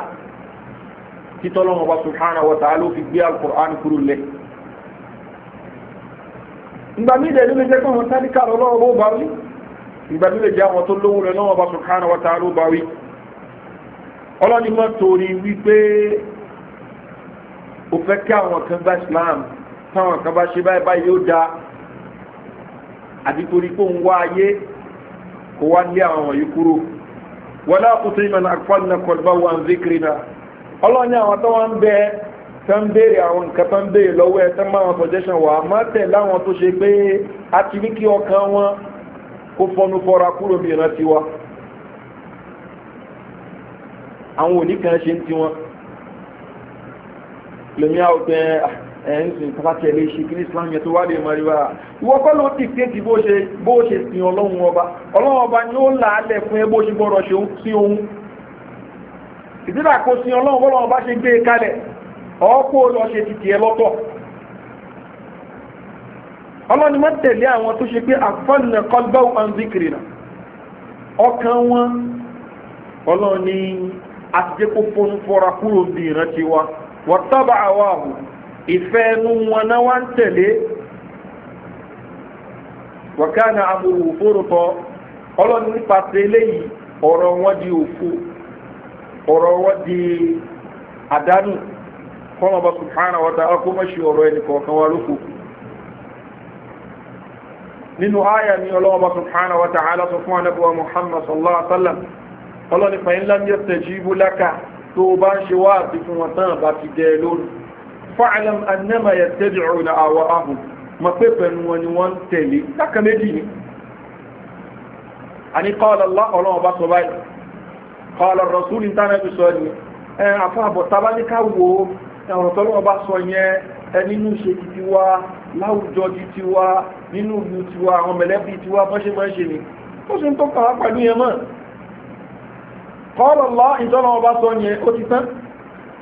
títọ́lọ́wọ́n ọba subhanahu wa ta'ala fi gbé alukur'an kúrò lẹ̀. ìgbà mí dẹ̀ ló lè jẹ́ pé àwọn tálíkà lọ́wọ́ bó bá wí ìgbà mí lè jẹ́ àwọn tó lówó rẹ̀ lọ́wọ́ ọba subhanahu wa ta'ala bá wí. ọlọ́ni mọ́ torí wípé ó fẹ́ kí àwọn kan bá Islam táwọn kan bá ṣe báyìí báyìí yóò dáa àbí torí pé òun wá ayé kó wá lé àwọn wọ̀nyí wọlé àkùtì ìmọ̀ náà fún ọ̀nà kọ̀ọ̀bá wa ń zikiri náà ọlọ́ọ̀ni àwọn tó wọ́n ń bẹ tó ń béèrè àwọn nǹkan tó ń béèrè lọ́wọ́ ẹ tó ń bá wọn suggestion wà á má tẹ̀ láwọn tó ṣe pé a ti ní kí ọkàn wọn kó fọnú fọra kúrò bí ìrántí wa àwọn òní kan ṣe ń tiwọn lèmi àwọn ọ̀gbẹ́ ẹ̀ẹ́sìn tàbátẹ̀ lè ṣe kí ní islam yẹn tó wá lè mọ̀ rí wára ìwọ kọ́ ló ti kéèkì bó ṣe bó ṣe sin ọlọ́run ọba ọlọ́run ọba ni ó làálẹ̀ fún ẹ bó ṣe gbọ́dọ̀ ṣe sí ohun ìdílà kó sin ọlọ́run bọ́lọ́run ọba ṣe gbé e kalẹ̀ ọ̀ọ́kọ́ lọ ṣe ti tiẹ̀ lọ́tọ̀ ọlọ́ni má tẹ̀lé àwọn tó ṣe pé àfọ́nà kọ́lbẹ́wò wa wọ́n tábà àwọ̀ àbò ìfẹ́ ẹnu wọn náà wá ń tẹ̀lé wọ̀kánà amòrò òfòròtọ ọlọ́ni nípasẹ̀ eléyìí ọ̀rọ̀ wọn di òfo ọ̀rọ̀ wọn di àdánù kọ́mọba subhana wata akọ́mọṣe ọ̀rọ̀ ẹnì kọ̀ọ̀kan wa lóko nínú àyà ni wata aláṣọ fún anábọ̀ muhammad sallallahu alaihi wa sallam ọlọ́ni fàyínlámiyà tẹ̀jú ibú lákà tó bá ń ṣe wá àti fún wọn tán àbá ti fa'alam annama yattabi'una ahwa'ahum mọ̀ pé pẹ̀lú wọn ni wọ́n ń tẹ̀lé láka méjì ni àní qala Allah ọlọ́run ọba sọ báyìí qala rasúlì tánàbí sọ ni ẹ àfọ àbọ̀tá bá ní ká wo ọ̀rọ̀ tọ́lọ́ ọba sọ yẹn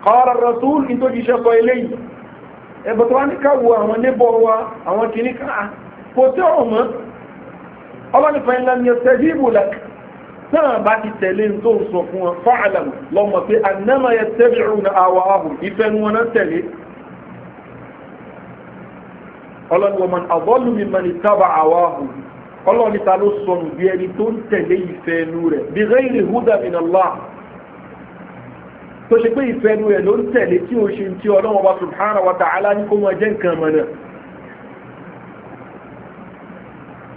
kọ́ọ̀rọ̀ rasul ní tó jíṣẹ́ sọ ilé yìí ẹ̀bọ̀ tó wá ní káwọ àwọn níbọ̀ wa àwọn kìíní káà ah, kò tí ọ̀rọ̀ mọ́ ọlọ́nìfẹ́ ńlá ni ọ̀sẹ̀ jíìbù lẹ́k náà bá ti tẹ̀lé ń tó sọ fún wọn fáàlà lọ́mọ pé annáma yẹ tẹ́bìrù na àwọ̀ ahùn ìfẹ́ nu wọn tẹ̀lé ọlọ́nìwọ̀ àbọ́lù mi mọ̀ tábà àwọ̀ ahùn ọlọ́nìta ló sọnù bí ẹni tó ń tẹ̀lé ìfẹ́ nu rẹ̀ bí gẹ́rì húdà min Allah tó ṣe pé ìfẹ́ ẹnu ẹ̀ ló ń tẹ̀lé tí ó ṣe tí ọlọ́wọ́ bá subhanahu wa ta'ala ní kó mọ jẹ́ nǹkan mọ̀nà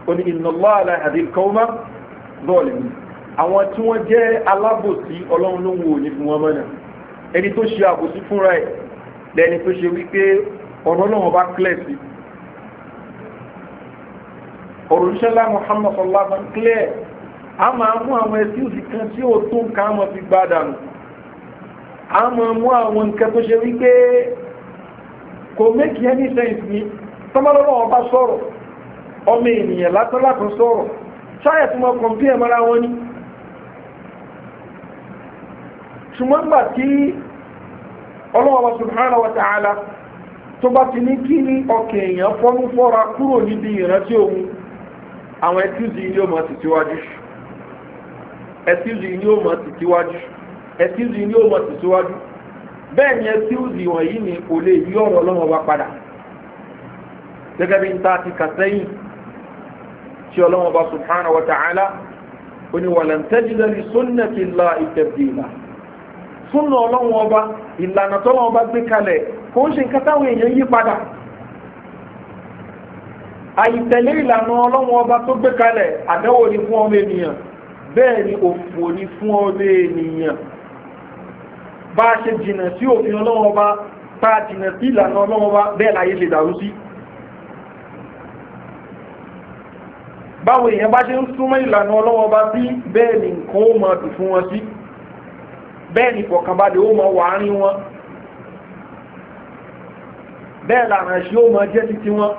ó ní inna Allah la yahdi al-qawma adh àwọn tí wọ́n jẹ́ alábòsí ọlọ́run ló ń wò ní fún wọn mọ̀nà ẹni tó ṣe àbòsí fúnra ẹ̀ lẹ́ni tó ṣe wípé ọ̀rọ̀ náà bá kílẹ̀ sí ọ̀rọ̀ ìṣẹ́lá Muhammad sallallahu kílẹ̀ a máa mú àwọn ẹ̀sìn òsì kan tí ó tó nǹkan mọ̀ fi gbá a mọ̀ mú àwọn nǹkan tó ṣe wípé kò make any sense ni tọ́mọ́lọ́wọ́ ọba sọ̀rọ̀ ọmọ ènìyàn látọ́lákan sọ̀rọ̀ ṣáyẹ̀ tí wọ́n kọ̀m̀pí ẹ̀ mọ́ra wọn ni ṣùgbọ́n gbà tí ọlọ́wọ́ subhanahu wa ta'ala tó bá ti ní kí ní ọkẹ̀ èèyàn fọ́nú fọ́ra kúrò níbi ìrántí òun àwọn ẹtúzì ni ó mọ̀ ẹ̀sìnzì ni ó mọ̀ sí síwájú bẹ́ẹ̀ ni ẹ̀sìnzì wọ̀nyí ni kò lè yí ọ̀rọ̀ ọlọ́wọ́ wa padà gẹ́gẹ́ bí n ta ti kà sẹ́yìn tí ọlọ́wọ́ bá subhanahu wa ta'ala ó ní wàlẹ̀ ntẹ́jìlẹ̀ ní súnnà ti la ìtẹ̀bìlà súnnà ọlọ́wọ́ ọba ìlànà tọ́lọ́wọ́ bá gbé kalẹ̀ kò ń ṣe nǹkan táwọn èèyàn yí padà àìtẹ̀lé ìlànà ọlọ́wọ́ ọba tó gbé kalẹ̀ àdẹ́wò ni fún ọmọ ènìyàn bẹ́ẹ̀ ni òfò ni fún ọmọ ènìyàn bá a ṣe jìnà sí òfin ọlọ́wọ́ bá tá a jìnà sí ìlànà ọlọ́wọ́ bá bẹ́ẹ̀ láyé ṣe dàrú sí. báwo èèyàn bá ṣe ń súnmọ́ ìlànà ọlọ́wọ́ bá sí bẹ́ẹ̀ ni nǹkan ó máa dùn fún wọn sí bẹ́ẹ̀ ni ìfọ̀kànbalẹ̀ ó máa wà á rín wọn bẹ́ẹ̀ lànà ṣe ó máa jẹ́ títí wọn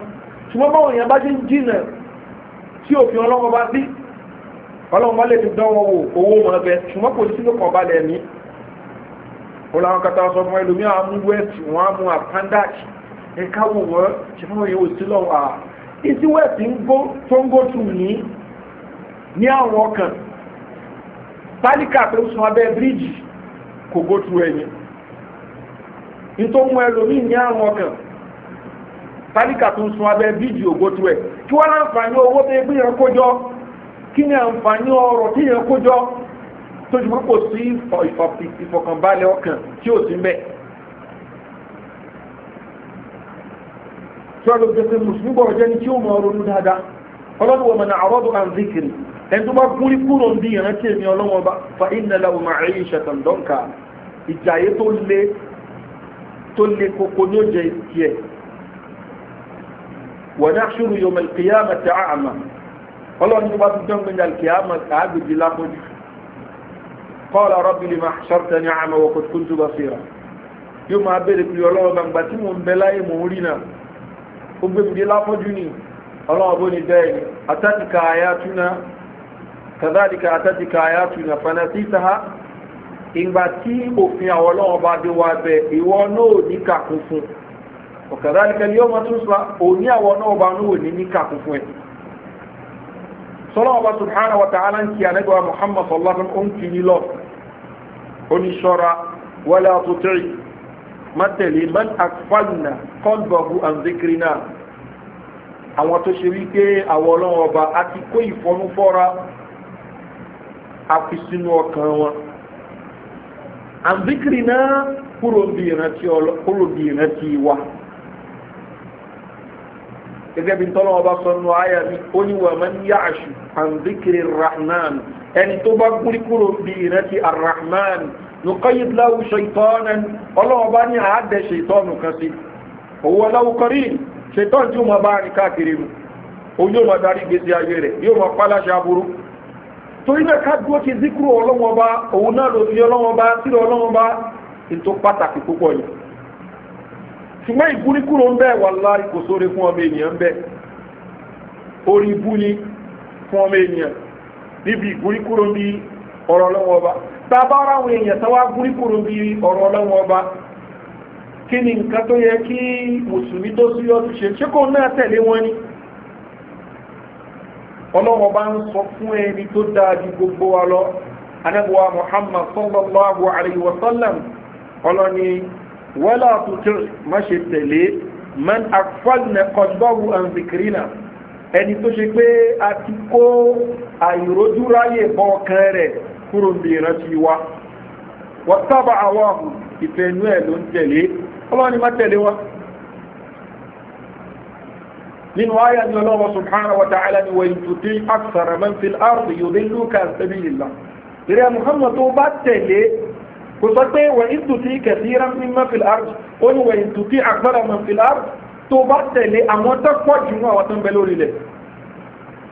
ṣùgbọ́n báwọn èèyàn bá ṣe ń jìnà tí òfin ọlọ́wọ́ bá sí ọlọ́wọ́ bá lè fi dánwò owó máa bẹ ṣùgbọ́n kò sí lókàn balẹ̀ mí ó láwọn kata sọ fún ẹlòmí àwọn amú wẹ́ẹ̀tì wọn á mú àpáńdáàkì ẹ̀ka wò wọ́ ṣe fún òye òsì lọ́wọ́ à ìtí wẹ́ẹ̀tì tó ń gòtù ní ní àwọn ọkàn tálíkà tó ń sun abẹ́ bíríìjì kò gòtù ẹ̀yìn nítorí mú ẹlòmí ní àwọn ọkàn tálíkà tó ń sun abẹ́ bíríìjì ò gòtù ẹ̀ kí wọ́n láǹfààní owó tó yẹ kó kí ni àǹfààní ọrọ̀ tí yẹn kó tó ju púpọ̀ sí ìfọ̀kànbalẹ̀ ọkàn tí ò sí mbẹ́. sọ́dọ̀ jẹ́sẹ̀ mùsùlùmí bọ̀rọ̀ jẹ́ ni tí ó mọ ronú dáadáa ọlọ́dún wọn mọ̀nà àrọ́dún à ń zikiri ẹni tó bá kúrí kúrò ń bí ìrántí èmi ọlọ́wọ́n bá fa iná làwọn máa rí ìṣẹ̀tàn dọ́ǹkà ìjàyé tó le tó le koko ní ó jẹ tiẹ̀ wọ́n á ṣòro yọmọ ìkìyàmọ̀ tẹ́ àmà ọlọ́run tó bá fi dán gbẹ̀dẹ̀ ìkìyàmọ̀ tààgbèjì lápọ̀jù kọ́ọ̀lá rọ́bì lè máa ṣọ́ọ̀tà ní àmà wọ́n kòtò kúntù bá fèrè yóò máa bẹ̀rẹ̀ pé ọlọ́wọ́ gbangba tí mò ń bẹ láyé mò ń rí náà ó gbé mi dé lápọ́jú ni ọlọ́wọ́ bó ni bẹ́ẹ̀ ni àtàtìkà àyàtúná kàdáàdìkà àtàtìkà àyàtúná fanatí sáà ìgbà tí òfin àwọn ọlọ́wọ́ bá dé wá bẹ ìwọ náà ní kàkún fún ọ̀kadà nìkan ni ó máa tún sọ òní àwọn náà bá náà ní ní kàkún fún ẹ. sọlọ́wọ́ bá subhanahu wa ta'ala ń kí anagba muhammad sallallahu alaihi wa sallam ó ń kí ní lọ́ọ̀tù oníṣọ́ra wọlé àtúntìrì mátẹ̀lé man akfalna kọ́ńbọ̀bù àǹzíkìrínà àwọn tó ṣe wípé àwọn ọlọ́run ọba a ti kó ìfọ́nú fọ́ra a fi sínú ọkàn wọn àǹzíkìrínà kúrò bí ìrántí wa gẹ́gẹ́ bí tọ́lọ́ ọba sọnù àyà mi ó ní wà máa ń yá àṣù àǹzíkìrì rahman ẹni tó bá gúrí kúrò bí ìrántí arrahman yùkọ́yìd láwù ṣètọ́nà ọlọ́wọ́ bá ní àádẹ́ ṣètọ́nù kan sí owó ọlọ́wù kọrí ṣètọ́n tí ó máa bá rìn káàkiri mu òun yóò máa darí gbèsè ayé rẹ̀ yóò máa pálásẹ aburú torí náà ká dúró ti zikuru ọlọ́wọ́ bá òun náà ló fi ọlọ́wọ́ bá sílẹ̀ ọlọ́wọ́ bá ètò pàtàkì púpọ̀ yìí ṣùgbọ́n ìbúríkúrò ń bẹ́ wà láì ọ̀rọ̀ ọlọ́wọ́ ọba tá a bá ara àwọn èèyàn tá wá gúrí kúrò bí ọ̀rọ̀ ọlọ́wọ́ ọba kí ni nǹkan tó yẹ kí mùsùlùmí tó sí ọdún ṣe ṣé kò náà tẹ̀lé wọn ni ọlọ́wọ́ ọba ń sọ fún ẹni tó dáa ju gbogbo wa lọ anábùwà Muhammad sallallahu alayhi wa sallam ọlọ́ni wala tutir má ṣe tẹ̀lé man akfalna qadbahu an zikrina ẹni tó ṣe pé a ti kó àìrójúráyè bọ́ rẹ̀ kúrò ń bí ìrántí wa wọ́n tábà àwọn ààbò ìfẹ́ inú ẹ̀ ló ń tẹ̀lé ọlọ́run ni má tẹ̀lé wa nínú ayé ni ọlọ́run subhanahu wa ta'ala ni wọ́n tún tí aksara man fi ardi yudilluka an sabilillah ìrẹ́ muhammad tó bá tẹ̀lé kò sọ pé wọ́n tún tí kathiran mimman fi ardi ó ní wọ́n tún tí akthara man fi ardi tó bá tẹ̀lé àwọn tó pọ̀ jù wọn àwọn tó ń bẹ lórí lẹ̀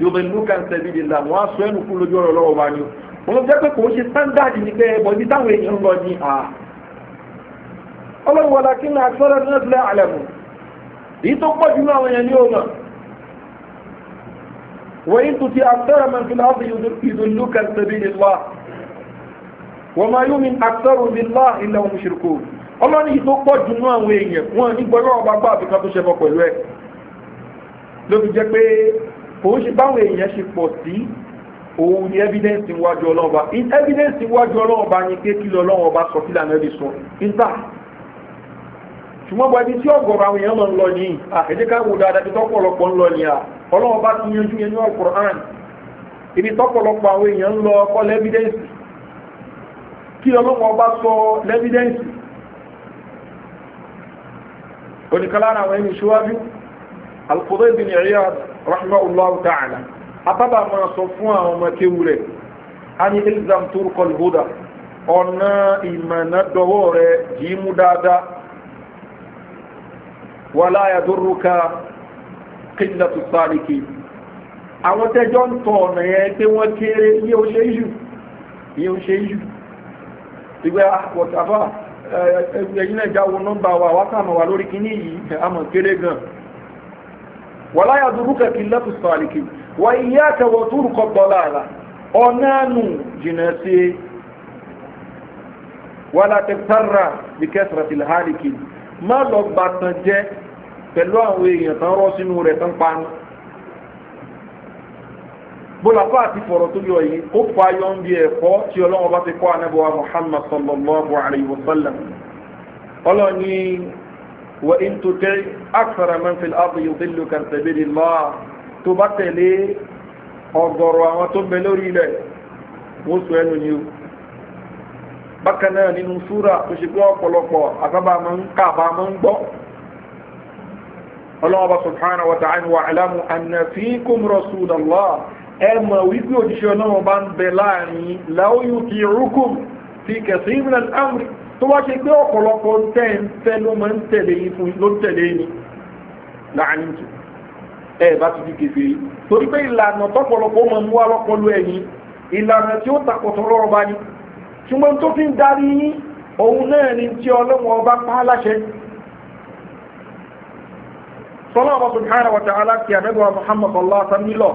yudilluka an sabilillah wọ́n á sọ ẹnu kú lójú ọ̀rọ̀ wa ni wọn lọ jẹ́ pé kò ń ṣe standard ní pé ẹbọ ibi táwọn èèyàn ń lọ ní à ọlọ́run wọlá kí ní asọ́rọ̀ náà sílẹ̀ àlẹ́ mọ̀ èyí tó pọ̀ jùlọ àwọn èèyàn ní ọ̀nà wọ́n yìí tó ti asọ́rọ̀ mọ̀ fi láti ìdòlú kan tẹ̀lé ìlú wọ́n máa yóò mi asọ́rọ̀ mi lá ilẹ̀ ohun ṣìrìkò ọlọ́run yìí tó pọ̀ jùlọ àwọn èèyàn wọn ní gbọ́dọ̀ ọba gbà àbíkan tó ṣe bọ pẹ̀lú ẹ̀ ló jẹ́ pé kò ń ṣe báwọn èèyàn ṣe pọ̀ sí òun ni evidence níwájú ọlọ́ọ̀ba evidence níwájú ọlọ́ọ̀ba ni pé kí lọ́ọ̀ba sọ kí lànà ẹbí sọ níta ṣùgbọ́n bọ́ ibi tí ọ̀gọ̀rọ̀ àwọn èèyàn lọ ní ẹ̀jẹ̀ dáadáa ibi tọ́pọ̀lọpọ̀ ń lọ ní à ọlọ́ọ̀ba ti yanjú yẹn ní Al-Qur'an ibi tọ́pọ̀lọpọ̀ àwọn èèyàn ń lọ kọ́ kí sọ lẹ́bídẹ́ǹsì oníkalára àwọn ẹni ṣíwájú apábà máa sọ fún àwọn ọmọ kéwu rẹ̀ a ní elzam turkol huda ọ̀nà ìmọ̀nà dọwọ́ rẹ̀ yìí mú dáadáa wàlá àyàdúrúkà kíndà tó sáàríkì àwọn tẹ́jọ́ ń tọ̀ ọ̀nà yẹn pé wọ́n kéré iye ó ṣe yù iye ó ṣe yù ìgbé àwọ̀tàfà ẹ̀yìn náà jáwọ́ nọ́mbà wa wákàmọ̀ wà lórí kíní yìí àmọ̀ kéré gan wàlá àyàdúrúkà kíndà tó sáàríkì wa iyyaka wa turqa dalala ọ̀nàánù jìnà sí wàlá tẹ̀tàrà bí kẹsàrà ti làhálìkì má lọ gbàtàn jẹ pẹ̀lú àwọn èèyàn tán rọ́ sínú rẹ̀ tán panu bólàpá àti fọ̀rọ̀ tó yọ yìí ó fa yọ ń bí ẹ̀kọ́ tí ọlọ́run bá ti kọ́ anábọ̀wá muhammad sallallahu alayhi wa sallam ọlọ́run ní wa in tuti akthara man fil ardi yudilluka an sabilillah tó bá tẹ̀lé ọgọ̀rọ̀ àwọn tó bẹ lórí ilẹ̀ wọ́n sọ ẹnu ni o bákan náà nínú súra tó ṣe pé ọ̀pọ̀lọpọ̀ àtàbà máa ń kà bá máa ń gbọ́ ọlọ́wọ́ bá subhanahu wa ta'ala wa alamu anna fikum rasulallah ẹ mọ̀ wípé òjíṣẹ́ ọlọ́wọ́ bá ń bẹ láàrin láóyù ti rúkùm fi kẹsì ìmìnà àmì tó wá ṣe pé ọ̀pọ̀lọpọ̀ ń tẹ́ ń fẹ́ ló máa ń tẹ̀lé yìí fún ló tẹ̀lé yìí láàrin tù ẹ bá ti di kèfèrí torí pé ìlànà tọ́pọ̀lọpọ̀ máa mú wa lọ́pọ̀lọ ẹ̀yìn ìlànà tí ó takọ̀tọ̀ lọ́rọ̀ bá ní ṣùgbọ́n tó fi ń darí yín òun náà ni tí ọlọ́wọ́n ọba pa á láṣẹ. sọlá ọba subhanahu wa ta'ala kí anagba muhammad allah sanilọ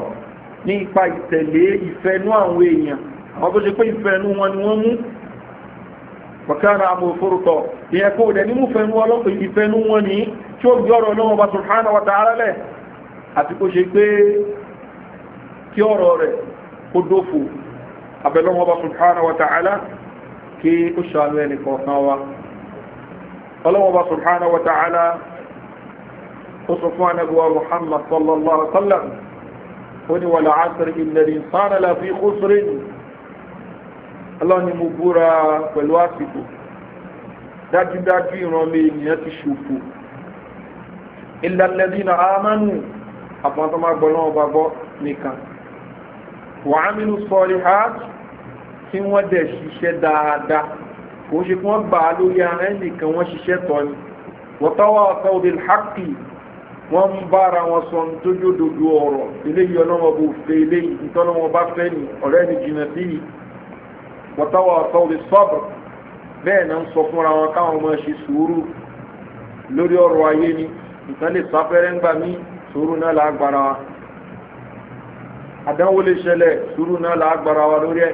ní ipa ìtẹ̀lé ìfẹ́nú àwọn èèyàn àwọn tó ṣe pé ìfẹ́nú wọn ni wọ́n mú wakana amòforútọ̀ ìyẹn kó dẹ̀ nímú ìfẹ́nú wọn ni tí ó gbé ọ̀rọ̀ ọlọ́wọ́n ọba subhanahu wa ta'ala lẹ́ẹ̀ àti kó ṣe pé kí ọ̀rọ̀ rẹ̀ kó dófò abẹ́lọ́wọ́ bá subhanahu wa ta'ala kí ó ṣàánú ẹnì kọ̀ọ̀kan wa ọlọ́wọ́ bá subhanahu wa ta'ala ó sọ fún anábíwá muhammad sallallahu alaihi wa sallam ó ní wal dájúdájú ìran mi ènìyàn ti ṣòfò illa alladhina amanu àtàwọn tó máa gbọ́ lọ́wọ́ bá gbọ́ nìkan wà á mínú sọ́ọ̀lì hajj tí wọ́n dẹ̀ ṣiṣẹ́ dáadáa kò ṣe kí wọ́n gbà á lórí ara ẹnìkan wọ́n ṣiṣẹ́ tọ́ ni wọ́n tọ́wọ́ ọ̀tọ́ òde hàkì wọ́n ń bára wọn sọ nítojódodo ọ̀rọ̀ eléyìí ọlọ́wọ́ bò fẹ́ eléyìí nítorí wọn bá fẹ́ ni ọ̀rẹ́ ni jìnnà sí i wọ́n tọ́wọ́ ọ̀tọ́ òde sọ́ọ̀bù bẹ́ẹ̀ náà ń sọ fúnra wọn káwọn ọmọ ṣe sùúrù lórí ọ̀rọ̀ ayé ni ìtàn lè sáfẹ́rẹ́ ń gbà míì Suru náà là á gbára wa àdánwò lè ṣẹlẹ̀ sùúrù náà là á gbára wa lórí ẹ̀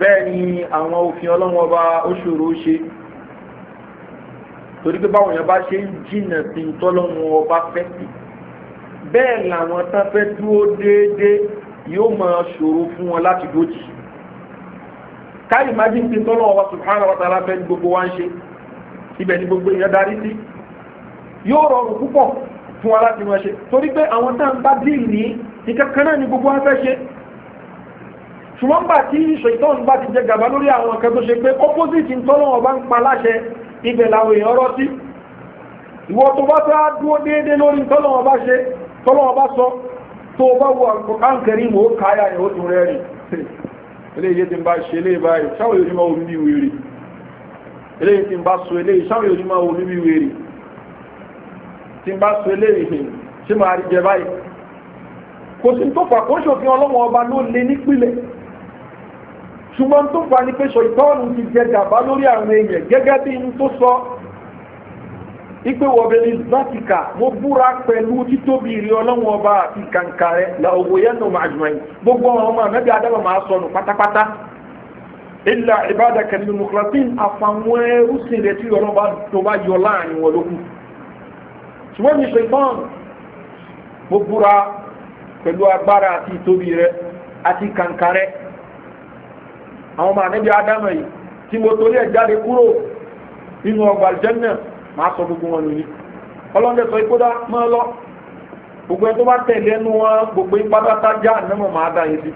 bẹ́ẹ̀ ni àwọn òfin ọlọ́wọ́n ọba ó ṣòro ṣe torí pé báwọn yẹn bá ṣe ń jìnà sí tọ́lọ́wọ́n ọba fẹ́ sí bẹ́ẹ̀ làwọn tán fẹ́ dúró déédéé yóò máa ṣòro fún wọn láti dójì káyìí má ń pin tọ́lọ́wọ́n ọba subhanahu wa ta'ala fẹ́ ní gbogbo wa ń ṣe ibẹ̀ ni gbogbo ìyẹn darí sí yóò rọrùn púpọ̀ fún wa láti máa ṣe torí pé àwọn tá bá díìlì ní ìkankan náà ni gbogbo wa fẹ́ ṣe ṣùgbọ́n gbà tí ṣètọ́n bá ti jẹ gàba lórí àwọn nǹkan tó ṣe pé opposite ń tọ́lọ́ wọn bá ń pa láṣẹ ibẹ̀ làwọn èèyàn rọ́ sí ìwọ tó bá fẹ́ dúró déédéé lórí tọ́lọ́ wọn bá ṣe tọ́lọ́ wọn bá sọ tó bá wo àǹkẹ́rì mò ń káyà ẹ̀ ó tún rẹ́ rìn eléyìí tí ń bá ṣe eléyìí báyìí ṣáwọn yóò ní wèrè eléyìí tí ń bá so eléyìí ṣáwọn yóò ní wèrè tí n bá so eléyìí ṣé máa rí jẹ báyìí kò sí tó fà kó ṣòfin ọlọ́wọ́n ọba ló lé nípìnlẹ̀ ṣùgbọ́n tó fà ní pé ṣòtọ́ọ̀nù ti jẹ gàba lórí àwọn èèyàn gẹ́gẹ́ bí n tó sọ ipe wọ̀bẹ̀lì zatika mo búra pẹ̀lú títóbi ìrì ọlọ́wọ́n ọba àti kàǹkà rẹ̀ la òwò yẹn nù máa jùmọ̀ yìí gbogbo àwọn ọmọ àmẹ́bí adáwọ̀ máa sọnù pátápátá ilà ìbádàkẹ́ nínú mùkúlásìn àfàwọn ẹrú sí ilẹ̀ tí ọlọ́wọ́n bá yọ láàrin wọn lókun ṣùgbọ́n mi ṣe tán mo búra pẹ̀lú agbára àti ìtóbi rẹ àti kàǹkà rẹ àwọn ọmọ ànẹ́bí adámọ̀ yìí tí mo torí ẹ̀ jáde kúrò nínú ọgbà àlùjànnà máa sọ gbogbo wọn lónìí ọlọ́dẹ sọ ikú dá mọ́ lọ gbogbo ẹ tó bá tẹ̀lé ẹnu wọn gbogbo ipátátá já ànámọ̀ máa dá yìí sí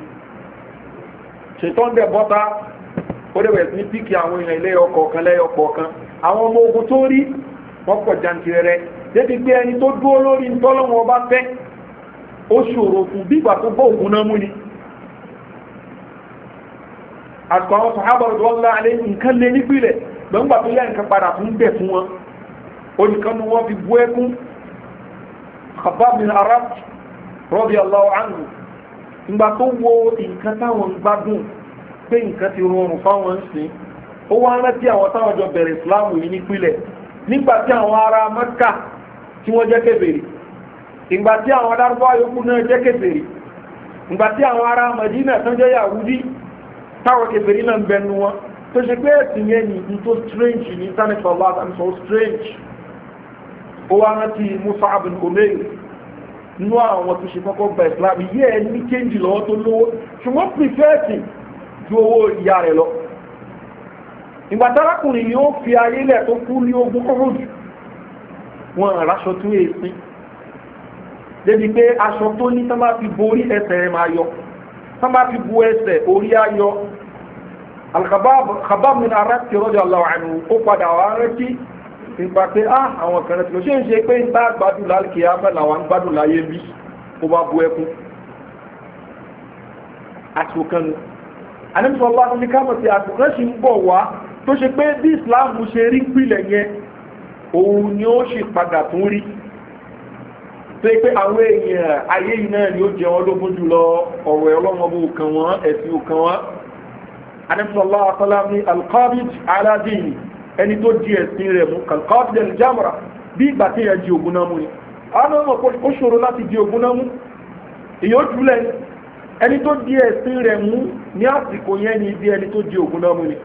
ṣètọ́n dẹ̀ bọ́ta ó dẹ̀ bẹ̀rẹ̀ ní píkì àwọn èèyàn ilé ọkọ̀ kan lẹ́yọ ọkọ̀ kan àwọn ọmọ ogun tó rí wọ́n pọ̀ jantirẹrẹ débi gbe ẹni tó dúró lórí ntọ́lọ́wọ́ ọba fẹ́ ó ṣòro fún bí tó bọ́ ògùn náà mú ni àwọn ọ̀dọ́ nǹkan lé nípìnlẹ̀ gbọ̀ngbà tó yá nǹkan padà fún bẹ̀ fún wọn oníkan ni wọ́n fi bú anhu wo nǹkan táwọn gbádùn pé nǹkan ti rọrùn fáwọn sìn ó wá rántí àwọn táwọn jọ bẹ̀rẹ̀ tí wọ́n jẹ́ kèfèrí ìgbà tí àwọn adárúbọ́ yòókù náà jẹ́ kèfèrí ìgbà tí àwọn ará Madina tán jẹ́ Yahudi táwọn kèfèrí náà ń bẹnu wọn tó ṣe pé ẹ̀sìn yẹn ní ní tó strange ní sanifọ̀ last and so strange ó wá rántí Musa abin Umair nínú àwọn tó ṣe kọ́kọ́ gba Islam yẹ́ ẹ ní kéńjì lọ́wọ́ tó lówó ṣùgbọ́n pírífẹ́ẹ̀tì ju owó ìyá rẹ̀ lọ ìgbà tárakùnrin yóò fi ayé lẹ̀ tó kú ní ogun kọ́kọ́ jù wọn àràṣọ tún èsì débi pé aṣọ tó ní tán bá fi bo orí ẹsẹ̀ ẹ̀ máa yọ tán bá fi bo ẹsẹ̀ orí á yọ alkhabab min arati rọ́jò aláwọ̀ àánú ó padà wá rántí nípa pé ah àwọn kan rẹ̀ tí ló ṣe ń ṣe pé ń bá gbádùn lálùkì abẹ́ làwọn ń gbádùn láyé bí ó bá bu ẹkún àsìkò kan nù àníṣọ́ bá ní kámọ̀ sí àsìkò kan ṣì ń bọ̀ wá tó ṣe pé bí islam ṣe rí pìlẹ̀ yẹn òun ni ó sì padà tún rí tó yẹ pé àwọn èèyàn ayé yìí náà ni ó jẹ wọn lógún jùlọ ọ̀rọ̀ ẹ̀ ọlọ́mọ bó kàn wọ́n ẹ̀sìn ò wọ́n anamsọ́lá asọ́lá ní alqabid aládìní ẹni tó di ẹ̀sìn rẹ̀ mú kalqabid aljamra bí ìgbà tí èèyàn di ògùn náà mú ni àwọn ọmọ pé ó ṣòro láti di ògùn náà mú èyí ó jùlẹ̀ ẹni tó di ẹ̀sìn rẹ̀ mú ní àsìkò yẹn ni bí ẹni tó di ògùn náà mú ni.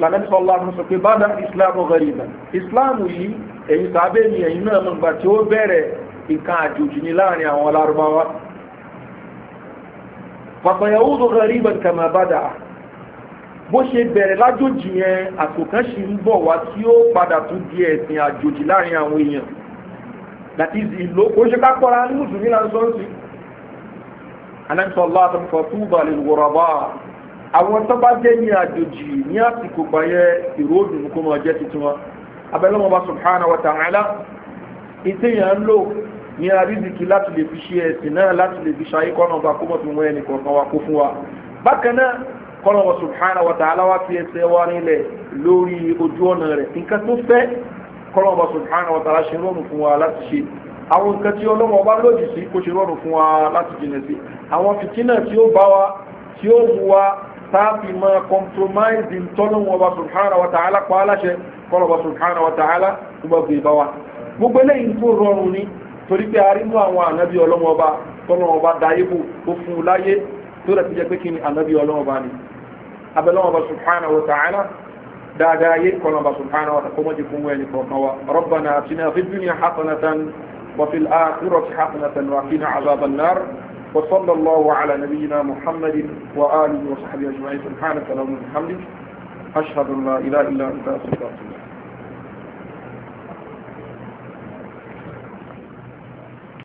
lànàbí sọlá ń sọ pé bàdà islam ghariba islam yìí ẹ̀yin sàbẹ̀ ni ẹ̀yin náà mọ̀ gbà tí ó bẹ̀rẹ̀ nǹkan àjòjì ni láàrin àwọn lárúbáwá fàfàyàwó ghariba kàmà bàdà bó ṣe bẹ̀rẹ̀ lájòjì yẹn àtòkàn ṣì ń bọ̀ wá tí ó padà tún di ẹ̀sìn àjòjì láàrin àwọn èèyàn that is ìlò kò ṣe ká pọ́ra ní mùsùlùmí là ń sọ́ọ́sì anábìsọ̀lá àtàkùn fọ́túbà lè wọ̀rọ̀ báà àwọn tó bá jẹ́ ní àjòjì ní àsìkò gbàyẹ ìró òdùnnú kó máa jẹ́ tuntun wa abẹ́lẹ́mọba subhanahu wa ta'ala ìtìyàn ń lò ní àrídìkì láti lè fi ṣe ẹ̀sìn náà láti lè fi ṣayé kọ́nà ọba kó mọ̀tún wọn ẹnì kọ̀ọ̀kan wa kó fún wa bákan náà kọ́nà wa subhanahu wa ta'ala wa fi ẹsẹ̀ wa nílẹ̀ lórí ojú ọ̀nà rẹ̀ nǹkan tó fẹ́ kọ́nà wa subhanahu wa ta'ala ṣe rọrùn fún wa láti ṣe àwọn nǹkan tí ọlọ́mọ ọba lòdì sí kó ṣe rọrùn fún wa láti jìnà sí àwọn fìtínà tí ó bá wa tí ó mú wa tààfi máa compromise tọ́lọ́wọ́ ọba subhanahu wa ta'ala pa aláṣẹ kọ́lọ́ba subhanahu wa ta'ala gbogbo ọgbẹ̀ ìbá wa gbogbo eléyìí tó rọrùn ni torí pé arínú àwọn ànábì ọlọ́wọ́ ọba tọ́lọ́wọ́ ọba dáyé bò ó fún un láyé tó ti jẹ́ pé kí ni ànábì ọlọ́wọ́ ọba ni abẹ́lọ́wọ́ ọba subhanahu wa ta'ala dáadáa yé kọ́lọ́ba subhanahu wa ta'ala kó mọ́jì fún wẹ́ni kọ̀ọ̀kan wa rabbana atina fid dunya hasanatan wa fil akhirati hasanatan wa qina azaban nar وصلى الله على نبينا محمد وآله وصحبه أجمعين سبحانك اللهم وبحمدك أشهد أن لا إله إلا أنت أستغفرك